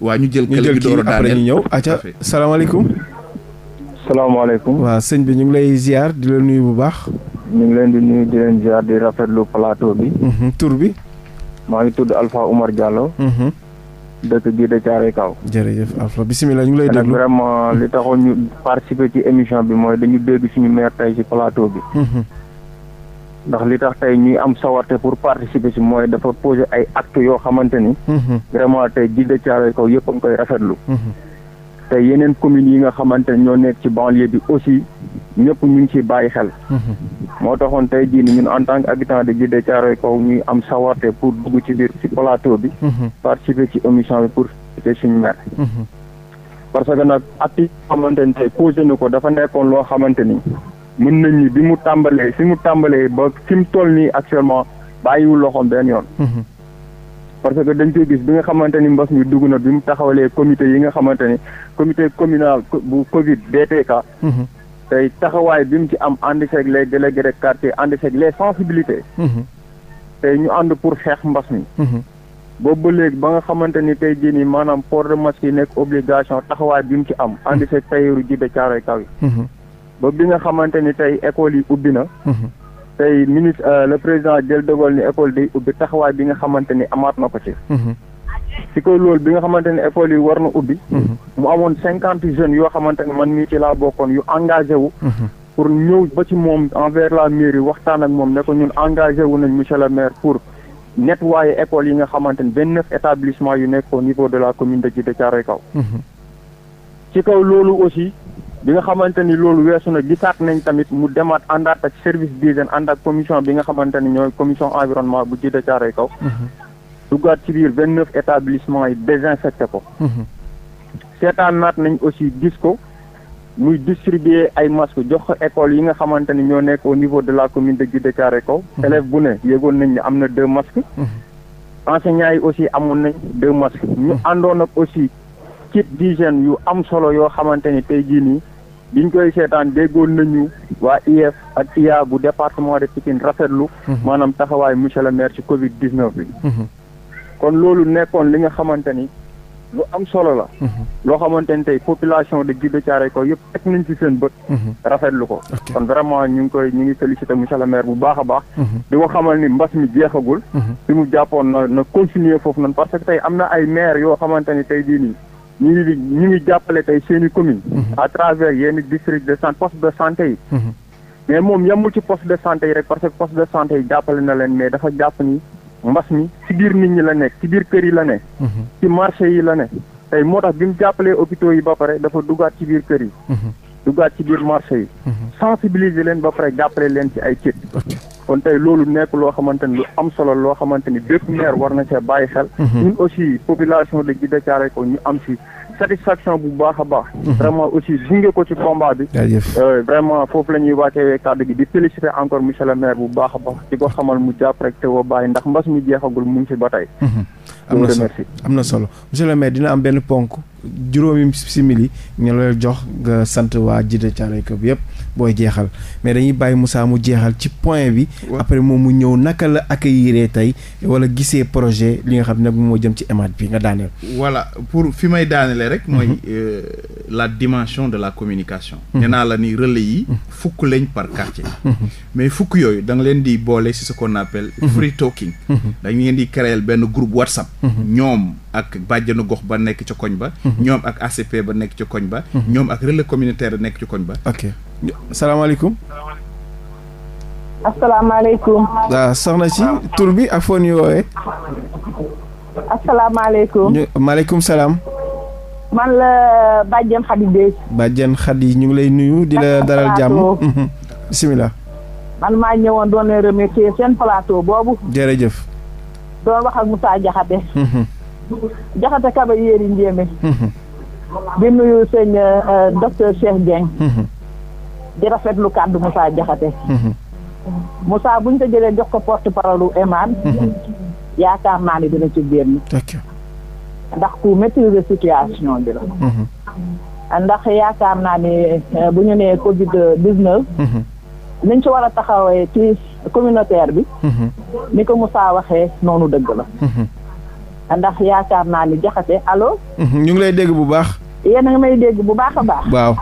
[SPEAKER 1] waa ñu
[SPEAKER 6] jël kële gi door daaneel ñu ñëw aca
[SPEAKER 1] salaamaaleykum
[SPEAKER 6] salaamaaleykum
[SPEAKER 1] sëñ bi ñu ngi lay ziar di la nuyu bu baax
[SPEAKER 6] ñu leen di nuyu di leen ziar di rafetlu plateau bi. Mhm, tur bi. maa ngi tudd Alpha Oumar Diallo. Mhm. dëkk gii de Thiaroye Kaw.
[SPEAKER 1] jërëjëf Alpha bisimilah ñu ngi lay déglu
[SPEAKER 6] vraiment li taxoon ñu participer ci émission bi mooy dañu dégg suñu maire tey ci plateau bi. Mhm. ndax li tax tey ñuy am sawarte pour participer ci mooy dafa poser ay actes yoo xamante ni. vraiment tey gii de Thiaroye Kaw yëpp a ngi te yeneen communes yi nga xamante ne ñoo nekk ci banlieue bi aussi ñëpp ñu ngi ciy bàyyi xel. Mhm. moo taxoon tey jii ni ñun en tant que habitant de Djiddah Thiaroye Kaw ñuy am sawarte pour dugg ci biir ci plateau bi. Mhm. participer ci émission bi pour féliciter suñu maire. Mhm. parce que nag acte yi nga xamante ni ko dafa nekkoon loo xamante ni mën nañu bi mu tàmbalee si mu tàmbalee ba fi mu toll nii actuellement bàyyiwul loxoom benn yoon. parce que dañ koy gis bi nga xamante ni mbas mi dugg na bi mu taxawalee comité yi nga xamante ni comité communal bu Covid BTK. Mhm. tey taxawaay bi mu ci am ànd seeg les délégués de quartier ànd seeg les sensibilités. Mhm. tey ñu ànd pour xeex mbas mi. Mhm. boobu ba léegi ba nga xamante ni tey jii nii maanaam pour de masque yi nekk obligation taxawaay bi mu ci am ànd seeg tayeeru jibe caaroy kaw yi. ba bi nga xamante ni tey école yi ubbi na. tey ministre euh, le président jël dogal ni école day ubbi taxawaay bi nga xamante ni amaat na ko ci. Mhm. si ko loolu bi nga xamante ni école yi war na ubbi. Mhm. mu amoon cinquante jeunes yoo xamante ni man mii ci la bokkoon yu engagé wu. Mhm. pour ñëw ba ci moom envers la mairie waxtaan ak moom ne ñun engagé wu nañ monsieur le maire pour. nettoyer école yi nga xamante ni vingt neuf établissement yu nekk au niveau de la commune de Djiddah Thiaroye Kaw ci kaw loolu aussi bi nga xamante ni loolu weesu na gisaat nañ tamit mu demaat àndaat ak service d'hygiène ànd ak commission bi nga xamante ni ñooy commission environnement bu Djiddah Thiaroye Kaw. Mhm. duggaat ci biir vingt neuf établissement yi des désinfecté ko. Mhm. seetaan naat nañ aussi gis ko muy distribuer ay masques jox école yi nga xamante ni ñoo nekk au niveau de la commune de Djiddah Thiaroye Kaw. Mhm. élèves bu ne yëgoon nañ ne am na deux masques. enseignants yi aussi amoon nañ deux masques. ñu àndoon ak aussi. kit d'hygiène yu am solo yoo xamante ni tey jii nii biñ koy seetaan déggoon nañu waa IEF ak IA bu département de Pikine rafetlu. Mhm. maanaam taxawaay monsieur le maire ci Covid 19 bi. Mhm. kon loolu nekkoon li nga xamante ni lu am solo la. Mhm. loo xamante ni tey population de Djiddah Thiaroye Kao yëpp teg nañ ci seen bët. rafetlu ko. kon vraiment ñu ngi koy ñu ngi félicité monsieur le maire bu baax a baax. di ko xamal ni mbas mi jeexagul. fi mu jàppoon na na continuer foofu noonu parce que tey am na ay maire yoo xamante ni tey jii nii. ñu ngi ñu ngi jàppale tey seeni i commune mhm. à travers yenn district de santé poste de santé yi mhm. mais moom yemul ci poste de santé yi rek parce que poste de santé yi jàppale na leen mais dafa jàpp ni mbas mi ci biir nit ñi la nekk ci biir kër yi la nekk mhm. ci marché yi la nekk tey moo tax bi mu jàppalee hôpitaux yi ba pare dafa dugaat ci biir kër yi dugaat ci biir marché yi sensibiliser leen ba pare jàppale leen ci ay kit kon tey loolu nekk loo xamante ni lu am solo loo xamante ni bépp maire war na see bàyyi xel ñun aussi population de Djiddah Thiaroye Kao ñu am si satisfaction bu baax a baax. Mhm. vraiment aussi gunge ko ci combat bi. Euh, vraiment foofu la ñuy wàccee kàddu gi di féliciter encore monsieur maire bu baax a baax di ko xamal mu jàpp rek te woo bàyyi ndax mbas mi jeexagul mu ngi fi ba tey. Mhm. am na solo
[SPEAKER 1] am na solo monsieur le maire dina am benn ponk juróomi simili ñu la jox nga sant waa Djiddah Thiaroye Kao yëpp. booy jeexal mais dañuy bàyyi Moussa mu jeexal ci point bi. après moom mu ñëw naka la accueillir tey wala gisee projet li nga xam ne moo jëm ci EMAD bi nga daaneel.
[SPEAKER 3] voilà pour fi may daanelee rek. mooy mhm. euh, la dimension de la communication. Mhm. nee naa la ni relais yi. Mhm. fukk lañ par quartier. mais fukk yooyu da nga leen di boole si ce qu'on appelle. free talking. dañ leen di créer benn groupe WhatsApp. ñoom ak bàjjenu gox ba nekk ca koñ ba. ñoom ak ACP ba nekk ca koñ ba. ñoom ak relais communautaire ba nekk ca koñ ba. ok
[SPEAKER 1] salaamaaleykum.
[SPEAKER 7] asalaamaaleykum. waaw
[SPEAKER 1] ah, soxna si tur bi ak foo ñu woowee.
[SPEAKER 7] asalaamaaleykum.
[SPEAKER 1] ñu maaleykum salaam.
[SPEAKER 7] man la Badiane Khady Guèye.
[SPEAKER 1] Badiane Khady ñu ngi lay nuyu di la daral jàmm. Mhm. bisimilah.
[SPEAKER 7] man maa ñëwoon doon leen remercier seen plateau boobu. jërëjëf. doon wax ak Moussa Diakhaté. Mhm. Diakhaté Kaba yéeri Ndiémé. Mhm. di nuyu sëñ euh, docteur Cheikh Dieng. di rafetlu kàddu Moussa Diakhaté mhm. Moussa buñ ko jëlee jox ko porte parole u Eman mhm. yaakaar naa ni dina ci génn ndax ku maîtriser situation bi la mhm. ndax yaakaar naa ni euh, bu ñu nee Covid 19 niñ ci war a taxawee ci communautaire bi ni ko Moussa waxee noonu dëgg la ndax yaakaar naa ni jaxate allo
[SPEAKER 1] ñu ngi lay dégg bu baax
[SPEAKER 7] yéen a may dégg bu baax a baax waaw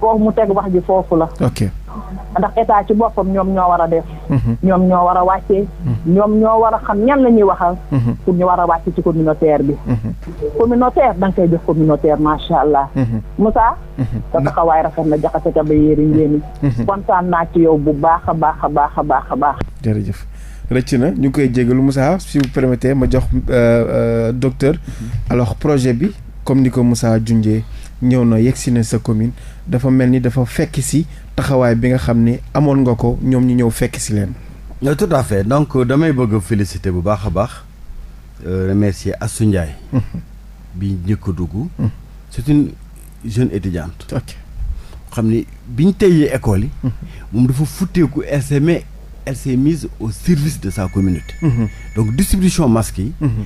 [SPEAKER 7] foofu mu teg wax ji foofu la. ok ndax état ci boppam ñoom ñoo war a def. Mhm. ñoom ñoo war a wàccee. Mhm. ñoom ñoo war a xam ñan la ñuy waxal. Mhm. pour ñu war a wàcc ci communautaire bi. communautaire da nga koy jox communautaire macha allah. Moussa. sa taxawaay rafet na jaxase ka ba yéeri ngéeni kontaan naa ci yow bu baax a baax a baax a baax a baax.
[SPEAKER 1] jërëjëf. rëcc na ñu ngi koy jégalu Moussa si vous permettez ma jox euh, euh, docteur alors projet bi comme ni ko Moussa junjee ñëw na yegg si na sa commune dafa mel ni dafa fekk si taxawaay bi nga xam ni amoon nga ko ñoom ñu ñëw fekk si leen. tout à fait donc
[SPEAKER 2] euh, damay bëgg féliciter bu baax a baax euh, remercier Assou Ndiaye. Mm-hmm. bi njëkk a dugg. Mm-hmm. c'est une jeune étudiante. ok xam ni biñ teyee école yi. Mm-hmm. moom dafa futteeku SME. elle mise au service de sa communauté mm -hmm. donc distribution masque yi mm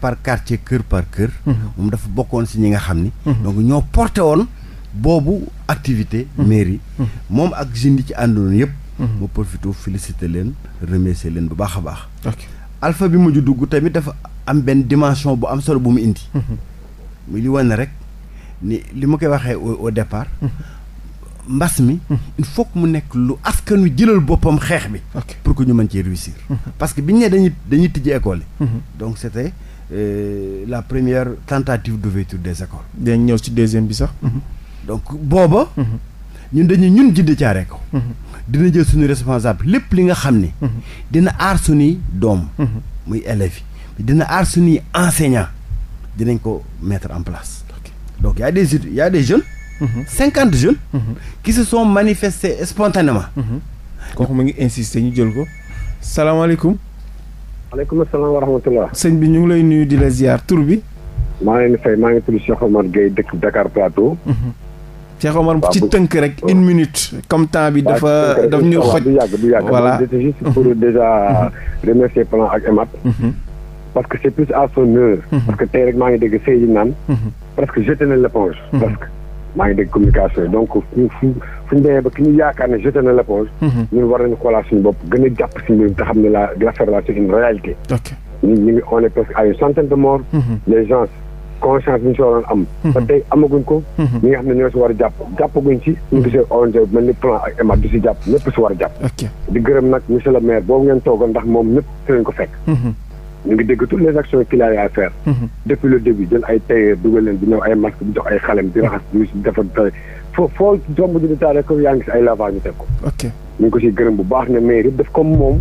[SPEAKER 2] par quartier kër par kër moom dafa bokkoon si ñi nga xam ni donc ñoo porté woon boobu activité hmm. mairie hmm. moom ak jeunes yi ci àndoon yëpp hmm. ma profité félicité leen remercier leen bu baax a baax alpha bi mujj dugg tamit dafa am benn dimension bu am solo bu mu indi mu li wane rek ni li ma koy waxee au départ mbas mi il faut mu nekk lu nu jëlal boppam xeex bi pour que ñu mën cee réussir parce que biñu nee dañuy dañuy tijji école yi donc c'était euh, la première tentative d'ouverture des écoles
[SPEAKER 1] dañ ñëw ci deuxième bi sax donc booba.
[SPEAKER 2] ñun dañu ñun jiddi caare ko. dina jël suñu responsable lépp li nga xam ni. dina aar suñuy doom. muy élèves yi dina aar suñuy enseignants dinañ ko mettre en place. donc y a des y a des jeunes. cinquante jeunes. qui se
[SPEAKER 1] sont manifestés spontanément. kooku mu ngi insister ñu jël ko. salaamaaleykum.
[SPEAKER 8] maaleykum salaam wa rahmatullah. sëñ bi ñu ngi lay nuyu di la ziar tur bi. maa ngi fay maa ngi tudd Cheikh Omar Gueye dëkk Dakar Plateau. Mhm. Cheikh
[SPEAKER 1] bi dafa daf ñu xoj. du yàgg du yàgg voilà
[SPEAKER 8] c'est juste pour mhm. Mhm. maa ngi dégg sëy yi naan. presque jeté na l'éponge. presque maa ngi dégg communication yi donc fu fu ñu demee ba ki ñu yaakaar ne jeté na l'éponge. ñun war nañu xoolaat suñu bopp gën a jàpp si mbir te xam ne la l'affaire là c'est une réalité. ok conscience bi ñu si waroon am. Mhm. ba tey amaguñ ko. Mhm. ñi nga xam ne ñoo si war a jàpp jàppaguñ si. ñu gisee mhm. ONG bi mel ni plan ak EMAD di si jàpp ñëpp si war a jàpp. di gërëm nag monsieur le maire boobu ngeen toogoon ndax moom ñëpp si ko fekk. ñu ngi dégg toutes les actions qu'il a à depuis le début jël ay tailleur dugal leen di ñëw ay masque di jox ay xalem di raxas di defar foo foo jomb di taal rek yaa ngi si ay lavage ñu ko. ñu ngi ko siy gërëm bu baax ne maire yëpp def comme moom.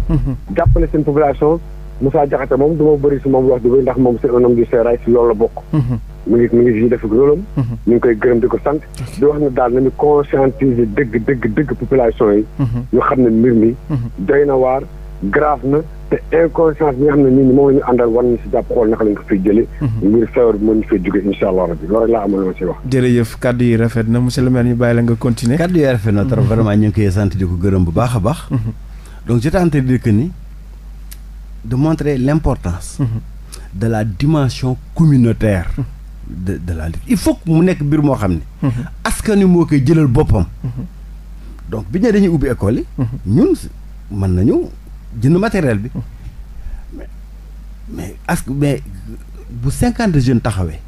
[SPEAKER 8] jàppale seen population. Moussa Diakhaté moom du ma bëri si moom wax du bëri ndax moom c'est un homme du sérail si loolu la bokk. Mhm. mu ngi si def mhm. ko sant. di wax ne daal nañu conscientiser dëgg dëgg dëgg population yi. Mhm. ñu xam ne mbir mi. doy na waar grave na te inconscience bi nga xam ne nit ñi moom la ñu àndal war nañu si jàpp xool naka lañ ko fiy jëlee. ngir bi moo ñu fay jógee incha allah rabi loolu laa amoon loo ciy wax.
[SPEAKER 1] jërëjëf kaddu yi rafet na monsieur le maire ñu bàyyi la nga continuer. kaddu yi
[SPEAKER 2] rafet na trop vraiment ñu ngi koy bu baax a baax. ni de montrer l'importance mhm. de la dimension communautaire de la lutte il faut mu nekk mbir moo xam ne mhm. askan ni moo koy jëlal boppam mhm. donc bi ñu dañuy ubbi école yi ñun mën nañu jënd matériel bi mais mais as mais bu cinquante jeunes taxawee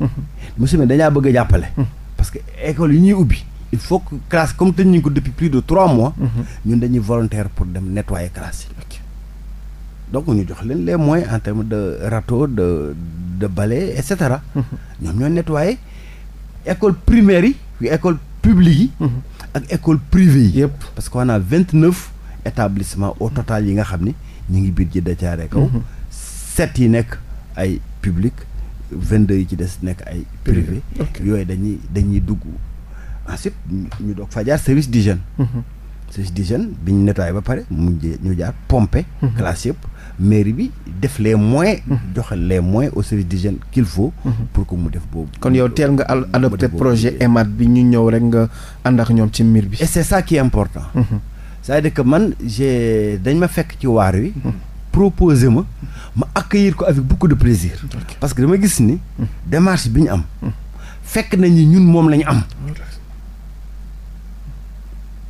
[SPEAKER 2] monsieur dañaa bëgg a jàppale parce que école yi ñuy ubbi il faut que comme tëj nañ ko depuis plus de trois mois ñun dañuy volontaire pour dem nettoyer classe yi donc ñu jox leen les moyens en termes de râteau de de bale et cetera. ñoom ñoo nettoyé école primaire yi ak école publique yi. ak école privée yi. yëpp parce que on a vingt neuf établissements au total yi nga xam ni ñu ngi biir de Thiaroye Kaw. sept yi nekk ay public vingt deux yi ci des nekk ay privé yooyu dañuy dañuy dugg ensuite ñu doog fa jaar service d'hygiène service jeune bi ñu nettoyé ba pare mu ñu jaar pomper classe yëpp mairie bi def les moyens. Mhm. joxe les moyens au service d'hygiène qu'il faut. Mhm. pour que mu def
[SPEAKER 1] boobu. kon yow teel nga adopté projet EMAD bi ñu ñëw rek nga ànd ak ñoom ci mbir bi. et c'est ça qui est important.
[SPEAKER 2] Mhm. c'est-à-dire que man j'ai dañ ma fekk ci waar wi. proposé ma ma accueillir ko avec beaucoup de plaisir. Okay. parce que dama gis ni. démarche bi ñu am. fekk nañu ñun moom la ñu am.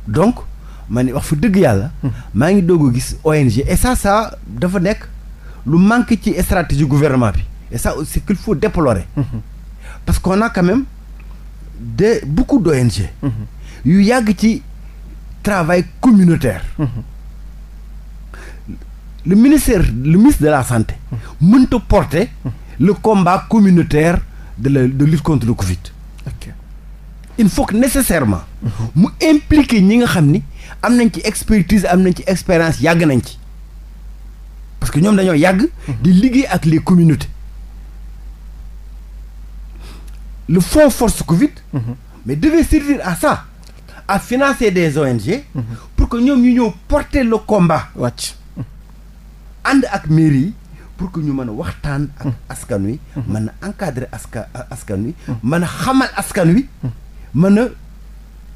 [SPEAKER 2] donc. ma wax fa dëgg yàlla. maa ngi doog a gis ONG et ça dafa nekk lu manque ci stratégie gouvernement bi et ça aussi qu'il faut déplorer. parce que a quand même de beaucoup d'ONG. yu yàgg ci travail communautaire. le ministère le ministre de la santé. mënta porter. le combat communautaire de la de lutte contre le il faut que nécessairement. mu impliquer ñi nga xam ni. am nañ ci expertise am nañ ci expérience yàgg nañ ci parce que ñoom dañoo yàgg. di mhm. liggéey ak les communautés. le fonds force Covid. Mm mais devait servir à ça. à financer des ONG. Mhm. pour que ñoom ñu ñëw porter le combat. wàcc ànd ak mairie yi pour que ñu mën a waxtaan ak mhm. askan wi. mën a encadrer aska askan wi. mën a xamal askan wi. mën a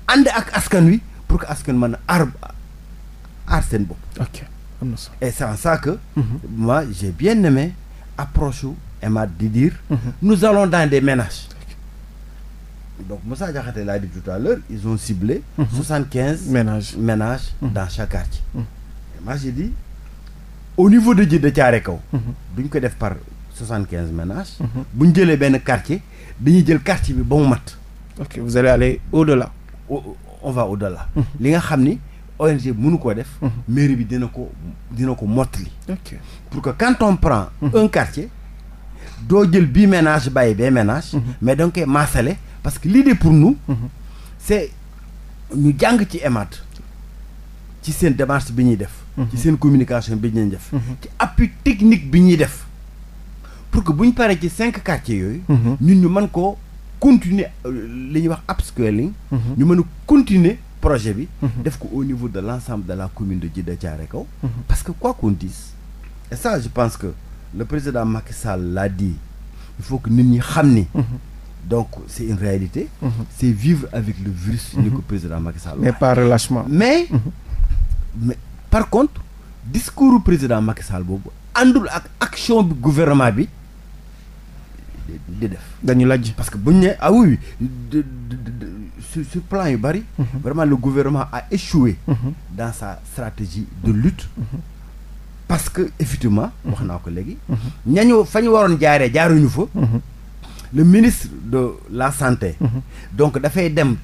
[SPEAKER 2] ànd ak askan wi. pour que askan mën a aar aar seen bopp. ok am na solo et c'est en ça mhm. moi j'ai bien aimé approche Emad di dire. Mm -hmm. nous allons dans des ménages. Okay. donc Moussa Diakhaté l'a dit tout à ils ont ciblé. Mhm. soixante quinze ménages ménages mhm. dans chaque quartier.
[SPEAKER 4] et
[SPEAKER 2] moi j'ai dit au niveau de Djeddah Thiaroye Kaw. duñ ko def par soixante quinze ménages. jëlee benn quartier dañuy jël quartier bi ba mu mat. ok vous allez aller au-delà. Au, on va au li nga xam ni ONG mënu koo def. mairie bi dina ko dina ko mottali. ok pour que quand on prend. un quartier doo jël bii ménage bàyyi bee ménage. mais da nga koy maasale parce que l'idée pour nous. c'est ñu jàng ci EMAD ci seen démarche bi ñuy def. ci seen communication bi ñuy def. ci appui technique bi ñuy def pour que bu ñu paree ci cinq quartiers yooyu. Mhm. ñun ñu mën koo. continuer euh, li ñu wax upscaling mhm. ñu mën a continuer projet bi mhm. def ko au niveau de l' ensemble de la commune de Djiddah Thiaroye Kao mhm. parce que quoi qu'on dise et ça je pense que le président Macky Sall l'a dit il faut que nit ñi xam ni donc c' est une réalité c' est vivre avec le virus ni ko président Macky Sall mais pas
[SPEAKER 1] relâchement mais
[SPEAKER 2] mais par contre discours président Macky boobu àndul ak action bi gouvernement bi di def. dañu lajj parce que buñ ne ah oui sur plan yu bari. Mhm. vraiment le gouvernement a échoué. Mhm. dans sa stratégie de
[SPEAKER 4] lutte. Mhm.
[SPEAKER 2] parce que effectivement. wax naa ko léegi. ñañu fa ñu waroon jaaree jaaruñu fa. le ministre de la santé. donc dafay dem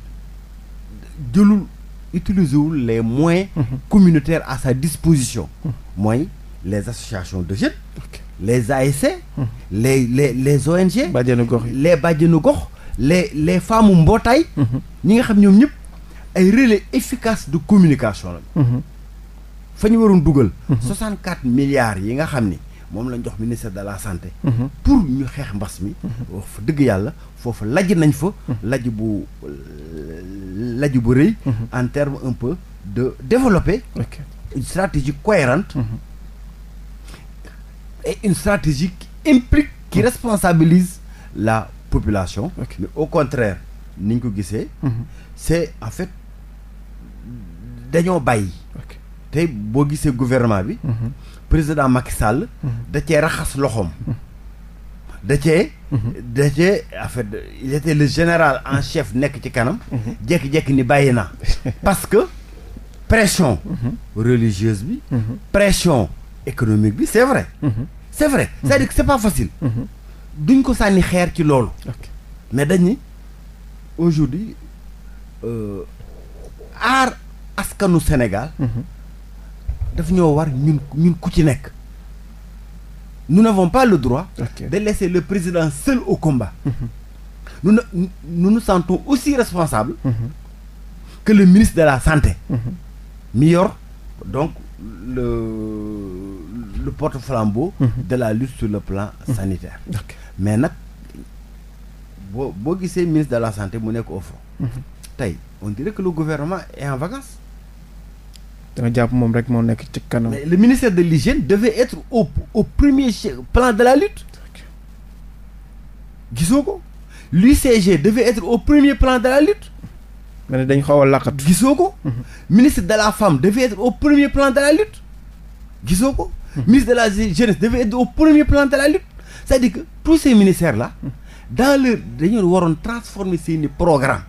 [SPEAKER 2] jëlul utiliser wul les moyens. communautaires à sa disposition. mooy les associations de jeunes. les ASC. Hmm. les les les ONG. bàjjenu gox les bàjjenu gox. les les femmes mbootaay. Hmm. ñi nga xam ñoom ñëpp ay relais efficace de communication la. Hmm. fa ñu waroon dugal. 64 milliards yi nga xam ni moom lañ jox ministère de la santé. pour ñu xeex mbas mi. fa dëgg yàlla foofu laj nañ fa. laj bu laj bu rëy. en terme un peu de développer. Okay. une stratégie cohérente. et une stratégie qui implique qui mm-hmm. responsabilise la population mais au contraire ni ñu ko gisee mm-hmm. c'est en fait dañoo bàyyi tey boo gisee gouvernement bi mm-hmm. président Macky Sall da cee raxas loxoom da cee da cee en fait il était le général en chef nekk ci kanam jekki-jekki ni bàyyi na parce que pression religieuse bi pression économique bi c'est vrai. Mm-hmm. c'est vrai mm-hmm. c'est-à-dire que c'est pas facile. Mm-hmm. duñ ko sànni xeer ci loolu. mais dañ ni aujourd'hui euh, aar askanu Sénégal. daf ñoo war ñun ñun ku ci nekk. nous n'avons pas le droit. de laisser le président seul au combat. Mm -hmm. nous ne nous nous sentons aussi responsables. que le ministre de la santé. mi donc le le porte-flambeau. Mhm. de la lutte sur le plan mhm. sanitaire. mais nag boo boo gisee ministre de la santé mu nekk au front. Mhm. tey on dirait que le gouvernement est en vacances.
[SPEAKER 1] da jàpp moom rek moo nekk ci kanam.
[SPEAKER 2] le ministère de l'hygiène devait être au au premier plan de la lutte. gisoo ko l'UCG devait être au premier plan de la lutte. nga dañu xaw a laqatu. gisoo ko. Mhm. ministre de la femme devait être au premier plan de la lutte gisoo ko. Mhm. ministre de la jeunesse devait être au premier plan de la lutte c'est-à-dire que tous ces ministères là. Mhm. dans leur dañoo waroon transformer seeni programme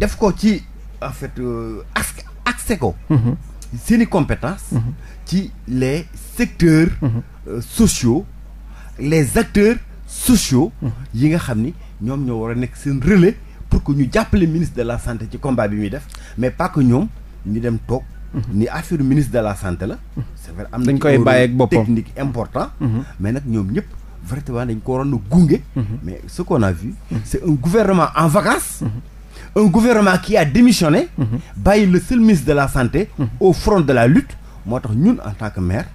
[SPEAKER 2] def ko ci en fait euh, as accès ko. seeni compétence ci les secteurs. Euh, sociaux les acteurs. sociaux mmh. yi nga xam ni ñoom ñoo war a nekk seen relais pour que ñu jàppale ministre de la santé ci combat bi muy def mais pas que ñoom ñu dem toog mmh. ni affaire ministre de la santé la mmh. c'est vrai am na dañ koy bàyyi ak technique important mais nag ñoom ñëpp vraiment dañ ko waroon a gunge mais ce qu'on a vu c'est un gouvernement en vacances un gouvernement qui a démissionné bàyyi le seul ministre de la santé au front de la lutte moo tax ñun en tant que maire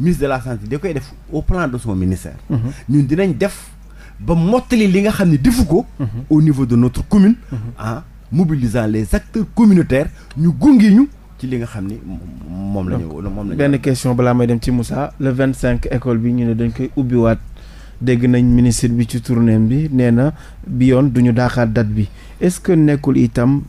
[SPEAKER 2] ministre de la santé da koy def au plan de son ministère. Mhm. ñun dinañ def ba mottali li nga xam ne defu ko. Mhm. au niveau de notre commune. Mhm. en mobilisant les acteurs communautaires ñu gunge ñu. ci li nga xam ni moom la ñu moom la benn
[SPEAKER 1] question balaa may dem ci Moussa le vingt cinq école bi ñu ne dañ koy ubbiwaat dégg nañ ministère bi ci tournée bi nee na bi yoon du ñu daaxaat date bi est-ce que nekkul itam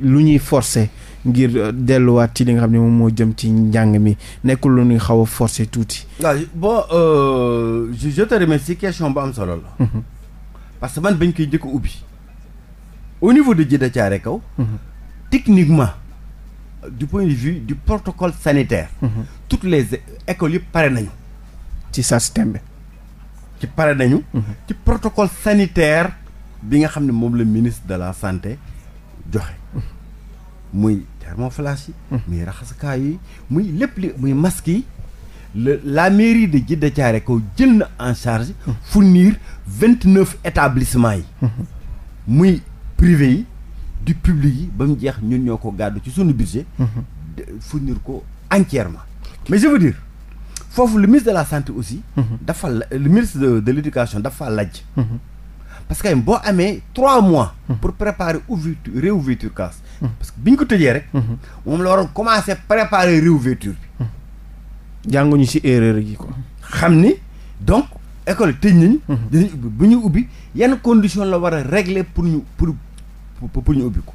[SPEAKER 1] lu ñuy forcer. ngir euh, delluwaat ci li nga xam ne moom moo jëm ci njàng mi nekkul lu ñuy xaw a forcer tuuti.
[SPEAKER 2] waaw bon euh, je, je te question bu am solo la. Mhm. parce que man bañ koy jëkk ubbi. au niveau de Djeddah Thiaroye Kaw. Mhm. techniquement. du point de vue du protocole sanitaire. Mm toutes les écoles yëpp pare nañu. ci sa système bi. ci pare nañu. Mhm. ci protocole sanitaire bi nga xam ne moom la ministre de la santé joxe. thermoflash yi hmm. muy raxasukaay yi muy lépp li muy masque yi le la mairie de Djeddah Thiaroye Kao jël na en charge hmm. fournir vingt neuf établissements yi hmm. muy privé yi du public yi ba mu jeex ñun ñoo ko gàddu ci suñu budget fournir ko entièrement mais je veux dire foofu le ministre de la santé aussi dafa le ministre de, de l'éducation dafa lajj parce que boo amee trois mois pour préparer ouverture cas Mhm. parce que bi ñu ko tëjee rek. Mhm. moom la waroon commencé préparer réouverture bi. si ci erreur yi ko xam ni donc école tëj nañ. Mhm. dinañ ubbi bu ñu ubbi yan condition la war a régler pour ñu pour pour ñu ubbi ko.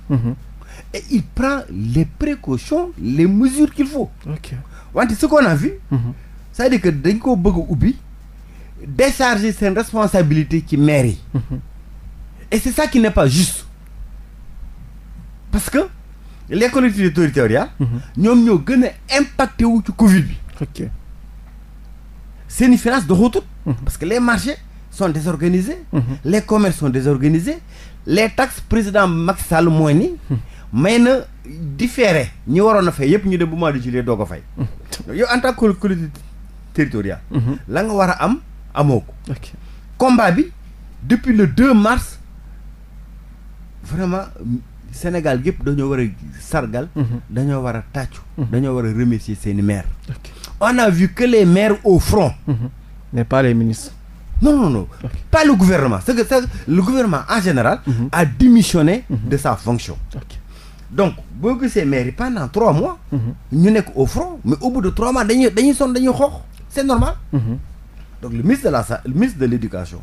[SPEAKER 2] il prend les précautions les mesures qu'il faut. ok wante ce qu'on a vu. cest à dañ koo bëgg a ubbi décharger seen responsabilité ci maire yi. et c'est ça qui pas juste. parce que les collectivités territoriales. ñoom ñoo gën a impacté wu ci Covid bi. ok seen i finance doxatul. Mmh. parce que les marchés sont désorganisés. Mmh. les commerces sont désorganisés. les taxes président Macky Sall mooy ni. Mmh. may na différé ñi waroon a fay yëpp ñu dem bu mois de juillet doo ko fay. yow en tant que la nga war a am amoo ko. combat bi depuis le mars vraiment. Sénégal gépp dañoo war a sargal. Mhm. dañoo war a tàccu. Mhm. dañoo war a remercier seeni maire on a vu que les maires au front. Mhm. mais pas les ministres. non non pas le gouvernement c'est que c'est le gouvernement en général. a démissionné. de sa fonction. Okay. donc boo gisee maires yi pendant trois mois. ñu nekk au front mais au bout de trois mois dañuy dañuy dañuy xoox c'est normal. donc le ministre de la sa le ministre de l'éducation.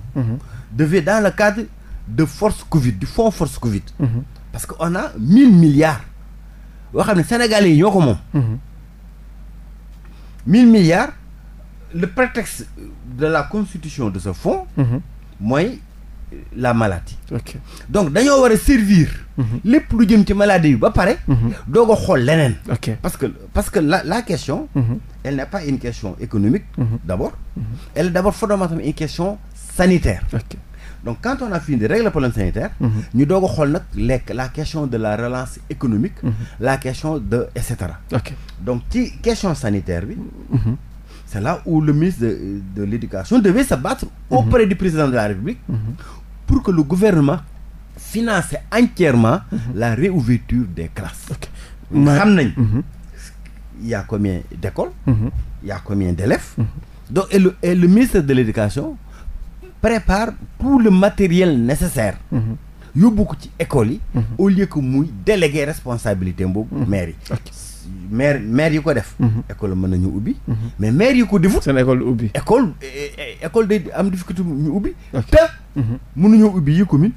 [SPEAKER 2] devait dans le cadre de force Covid du fonds parce que on a mille milliards yoo xam ne sénégalais yi ñoo ko moom. Mhm. mille milliards le prétexte de la constitution de ce fonds. Mhm. mooy la maladie. donc dañoo war a servir. Mhm. lépp lu jëm ci maladie bi ba pare. doo a xool leneen. parce que parce que la la question. elle n'est pas une question économique. d'abord. elle est d'abord fondamentalement une question sanitaire. donc quand on a fini de régler le problème sanitaire. Mhm. ñu doog a xool nag lekk la question de la relance économique. Mhm. la question de et cetera. Okay. donc ci question sanitaire bi. Oui, mhm. c'est là où le ministre de de l'éducation devait se battre. auprès du président de la République. pour que le gouvernement financer entièrement. la réouverture des classes. xam nañ. il y a combien d'écoles. il y a combien d'élèves. donc le et le ministre de l'éducation prépare tout le matériel nécessaire. Mhm. yóbbu ko ci école yi. Mhm. au lieu que muy déléguer responsabilité boobu. Mhm. maire yi maire maire yi ko def. école mën nañu ubbi. mais maire yi ko defut. seen école du ubbi. école de eh, day am difficulté ñu ubbi. te mënuñoo ubbi yi commune.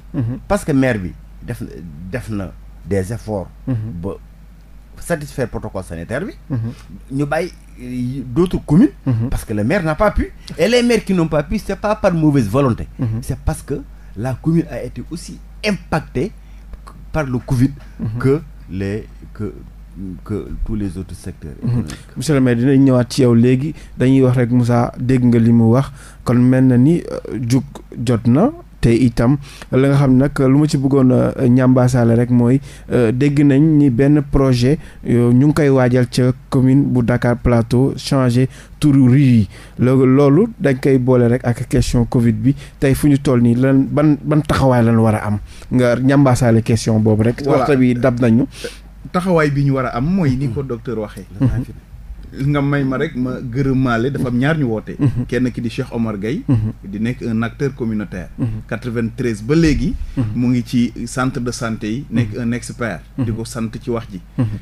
[SPEAKER 2] parce que mair bi def def na des efforts. satisfaire protocole sanitaire bi. Mhm. ñu bàyyi d' autres mhm. parce que le maire n'a pas pu. et les maires qui n'ont pas pu c' pas par mauvaise volonté. Mhm. c' parce que la commune a été aussi impactée
[SPEAKER 1] par le Covid. que
[SPEAKER 2] les que. tous les autres
[SPEAKER 4] secteurs
[SPEAKER 1] économiques. monsieur le maire dinañ ñëwaat ci yow léegi dañuy wax rek Moussa dégg nga li mu wax kon mel na ni euh, jug jot na te itam la nga xam nag lu ma ci bëggoon euh, ñambaasaale rek mooy euh, dégg nañ ni benn projet euh, ñu ngi koy waajal ca commune bu dakaar Plateau changé tour rue yi loolu dañ koy boole rek ak question Covid bi tey fu ñu tool nii lan ban ban taxawaay lan war a am nga ñambaasaale question boobu rek. waxta bi dab nañu.
[SPEAKER 3] taxawaay bi ñu war a am mooy ni ko mm-hmm. docteur waxee. Mm-hmm. nga may ma rek ma gërëmaale dafa am ñaar ñu woote. Mhm. kenn ki di Cheikh Omar Gueye. Mhm. di nekk un acteur communautaire. 93 mhm. ba léegi. mu ngi ci centre de santé yi. nekk un expert. di ko sant ci wax ji.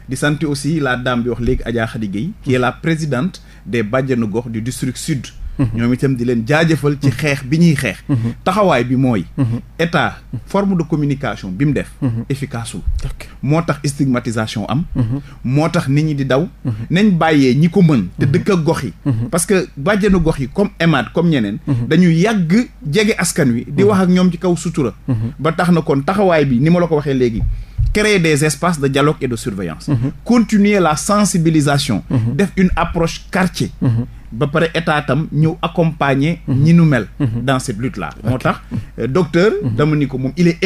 [SPEAKER 3] di sant aussi la dame bi wax léegi Adja Khady Gueye. qui est la présidente des Bajenu Gox du district sud. ñoom itam di leen jaajëfal ci mm-hmm. xeex bi ñuy xeex mm-hmm. taxawaay bi mooy mm-hmm. état forme de communication bi mu def efficace moo tax stigmatisation am moo tax nit ñi di daw nañ bàyyee ñi ko mën te dëkk ak gox yi parce que bàjjenu gox yi comme EMAD comme ñeneen dañu yàgg jege askan wi di wax ak ñoom ci kaw sutura ba tax na kon taxawaay bi ni ma la ko waxee léegi créer des espaces de dialogue et de surveillance. Mmh. continuer la sensibilisation. def une approche quartier. ba pare état tam ñëw accompagner. Mhm. ñi nu mel. Mhm. dans cette lutte moo tax euh, docteur. Mhm. dama ni ko moom il est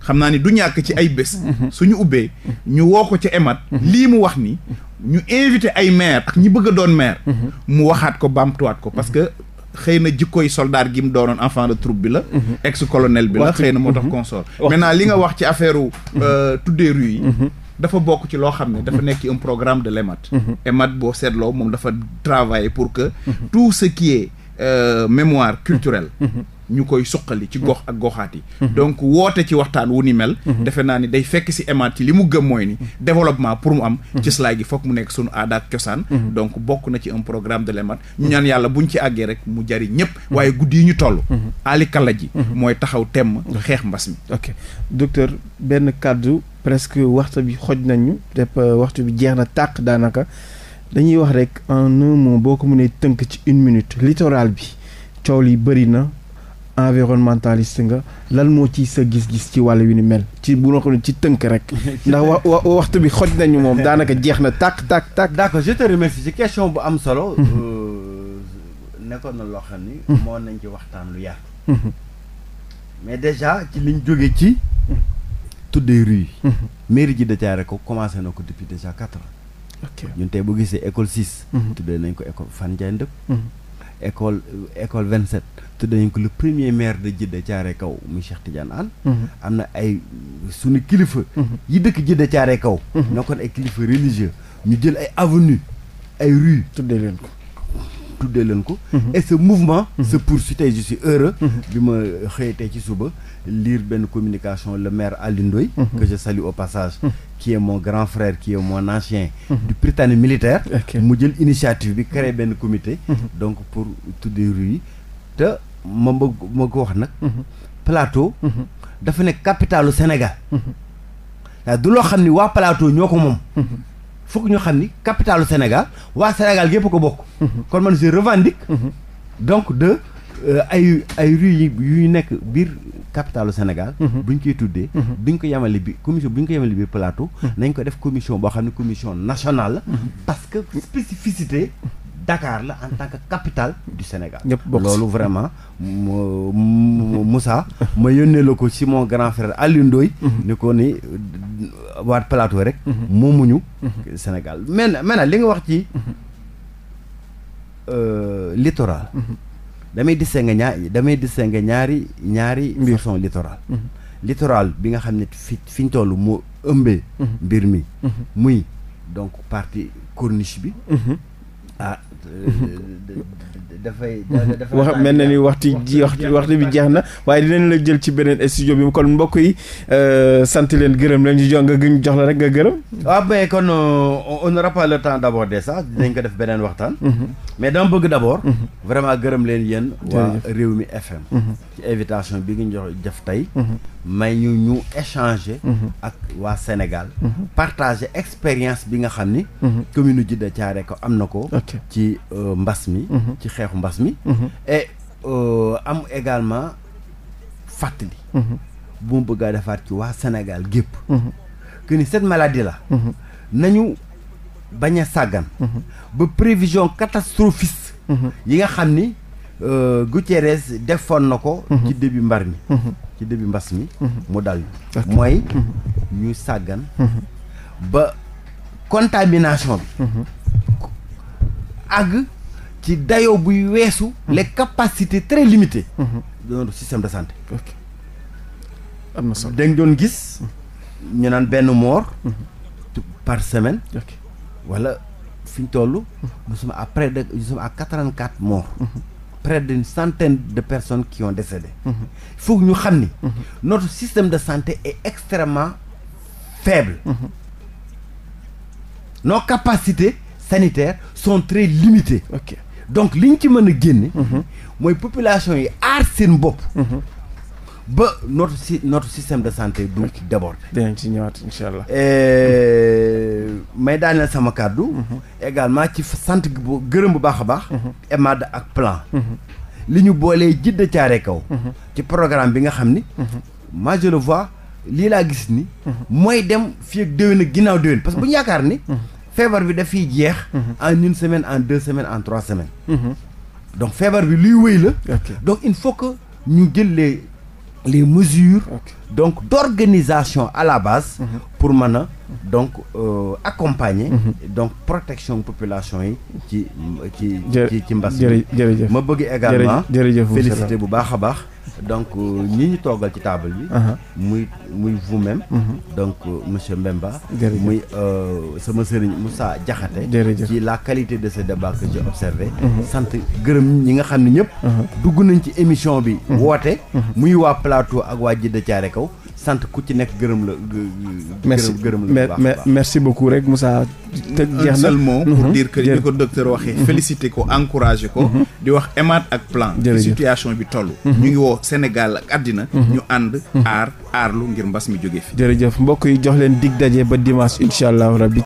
[SPEAKER 3] xam naa ni du ñàkk ci ay bés. suñu ubbee ñu woo ko ca emad. lii mu wax ni ñu invité ay maire ak ñi bëgg doon maire. mu waxaat ko bamtuwaat ko parce que. xëy na jikkooy soldat gi mu doonoon enfant de troupe bi la. ex colonel bi la xëy na moo tax consort. maintenant li nga wax ci affaire euh, tuddee rue yi. dafa bokk ci loo xam ne dafa nekk ci un programme de l'EMAD mhm. EMAD boo seetloo moom dafa travailler pour que mhm. tout ce qui est euh, mémoire culturelle mhm. ñu koy suqali ci gox ak goxaat yi mhm. Mhm. donc woote ci waxtaan wu ni mel mhm. defe naa ni day fekk si emaat ci li mu gëm mooy ni développement pour mu am ci cela gi foog mu nekk suñu aada cosaan donc bokk na ci un programme de l'EMAD ñu ñaan yàlla buñ ci àggee rek mu jariñ ñëpp waaye guddi yi ñu toll aali ji mooy taxaw temm xeex mbas mi
[SPEAKER 1] ok docteur benn kàddu presque waxtu bi xoj nañu dep euh, waxtu bi jeex na tàq daanaka dañuy wax rek en un mot boo ko mënee tënk ci une minute littoral bi coow li bëri na environnementaliste nga lan moo ci sa gis-gis ci wàll wi ni mel ci bu noo xam ci tënk rek ndax wa waxtu bi xoj nañu moom daanaka jeex na tàkk tàkk tàkk d'accord je te remercie question bu am solo mhm.
[SPEAKER 2] euh, nekkoon na loo ni mhm. moo nañ ci waxtaan lu yaatu mhm. mais déjà ci liñ jóge ci tuddee rue yi mairie ji de Thiaroye ko commencé na ko depuis déjà quatre ans ñun tey bu gisee école six tuddee nañ ko école fan Ndiaye Ndëpp école euh, école vingt sept tuddee nañ ko le premier maire de Djeddah Thiaroye Kaw muy Cheikh Tidiane Anne mhm. am na ay sunu kilifa mhm. yi dëkk Djeddah Thiaroye Kaw nekkoon mhm. ay kilifa religieux ñu jël ay avenue ay rue tuddee leen ko ko et ce mouvement se poursuit tey je suis heureux bi ma xëyee tey ci suba lire benn communication le maire Alioune Ndoye que je salue au passage qui est mon grand frère qui est mon ancien du prytanée militaire mu jël initiative bi créé benn comité donc pour tuddee rue te ma ma ma ko wax nag. Mhm. plateau. Mhm. dafa nekk capitalu Sénégal. Mhm. waaw du loo xam ni waa plateau ñoo ko moom. foog ñu xam ni capitalu Sénégal waa Sénégal yëpp ko bokk. kon man je revendique. donc de euh, ay ay rue yi yu nekk biir capitalu Sénégal. buñ koy tuddee. duñ ko yemale bi commission buñ ko yemale biir plateau. nañ ko def commission boo xam ne commission national la. parce que spécificité. dakaar la en tant que capital du Sénégal. loolu vraiment Moussa ma yónnee la ko ci mon grand frère Alioune Ndoye mhm. ni ko ni waat plateau rek. Mhm. moomuñu mhm. Sénégal mais maintenant li nga wax ci euh, littoral. damay distinguer ñaari ñaari ñaari. mbir façon littoral. littoral bi nga xam ne fi fi ñu toll moo ëmbee. mbir muy donc partie corniche bi. Ah, dafay dafay wax mel
[SPEAKER 1] na ni waxtu ji wax waxtu bi jeex na waaye dinañ la jël ci beneen studio bi kon mbokk yi euh, sant leen gërëm leen ñu jox nga ñu jox la rek nga gërëm. waa ah, mais kon euh, on n'aura
[SPEAKER 2] pas le temps d'aborder mm-hmm. dinañ ko def beneen waxtaan. Mm-hmm. mais dama bëgg d'abord. Mm-hmm. vraiment gërëm leen yéen. waa mi FM. ci invitation bi nga jox jëf tey. may ñu ñu échanger. Mhm. ak waa Sénégal. Mhm. partager expérience bi nga xam ni. Mhm. commune Djiddah Thiaroye ko am na ko. ci euh, mbas mi. ci xeexu mbas mi. Euh, am également fàttali. bu mu bëgg a defaat ci waa Sénégal gépp. que ni maladie là. nañu bañ a sàggan. ba prévision catastrophiste. yi nga xam ni. Euh, Guterres defoon na ko. Mhm. ci début mbar mi. Mhm. ci début mbas mi. Mhm. mu dal mooy. ñu sàggan. ba contamination bi. àgg ci dayo buy weesu. lekk capacités très limitées. de na solo dañ doon gis. ñu naan benn mort. par semaine. wala fi ñu toll. nous sommes à près de nous sommes à quatre quatre morts. près d'une centaine de personnes qui ont décédé. il mhm. faut ñu xam ni. Mhm. notre système de santé est extrêmement faible. Mhm. no capacités sanitaires son très limitées. ok donc li ñu ci mën a génne. mooy population yi aar seen bopp. ba notre si notre système de santé
[SPEAKER 1] du déborde dinañ ci ñëwaat incha allah
[SPEAKER 2] may daaneel sama kàddu mhm. également ci sant bu gërëm bu baax a baax mhm. EMAD ak plan mhm. li ñu boolee jidda caare kaw ci programme bi nga xam ni moi je le vois lii laa gis ni mooy dem fii ak déwén ak ginnaaw déwén parce que bu ñu yaakaar ni feebar bi dafiy jeex en une semaine en deux semaines en trois semaines donc feebar bi luy wéy la donc il faut que ñu jël les mesures okay. donc d'organisation à la base. Mhm. pour mën a donc euh, accompagner. Mm donc protection population yi ci ci ci ci mbas jërëjëf ma bëgg également féliciter bu baax a baax. donc euh, ñi ñu toogal ci table bi. Uh-huh. muy muy vous-même. Mhm. donc euh, monsieur Mbemba. muy euh, sama sëriñ Moussa Diakhaté. ci la qualité de ce débat que j'ai observé. Mhm. sant gërëm ñi nga xam ne ñëpp. Uh-huh. dugg nañ ci émission bi. woote. muy waa plateau ak waa Jidda Thiaré sant ku
[SPEAKER 3] ci nekk gërëm la
[SPEAKER 1] merci gërëm la bu baax beaucoup rek Moussa te jeex na un seul mot pour mhm. dire
[SPEAKER 3] que ni ko docteur waxee mhm. félicité ko encouragé ko mhm. di wax émat ak plan situation bi toll ñu ngi woo Sénégal ak àddina ñu ànd aar aar lu ngir mbas mi jóge fi
[SPEAKER 1] jërëjëf mbokk yi jox leen dig daje ba dimanche incha allahu rabbi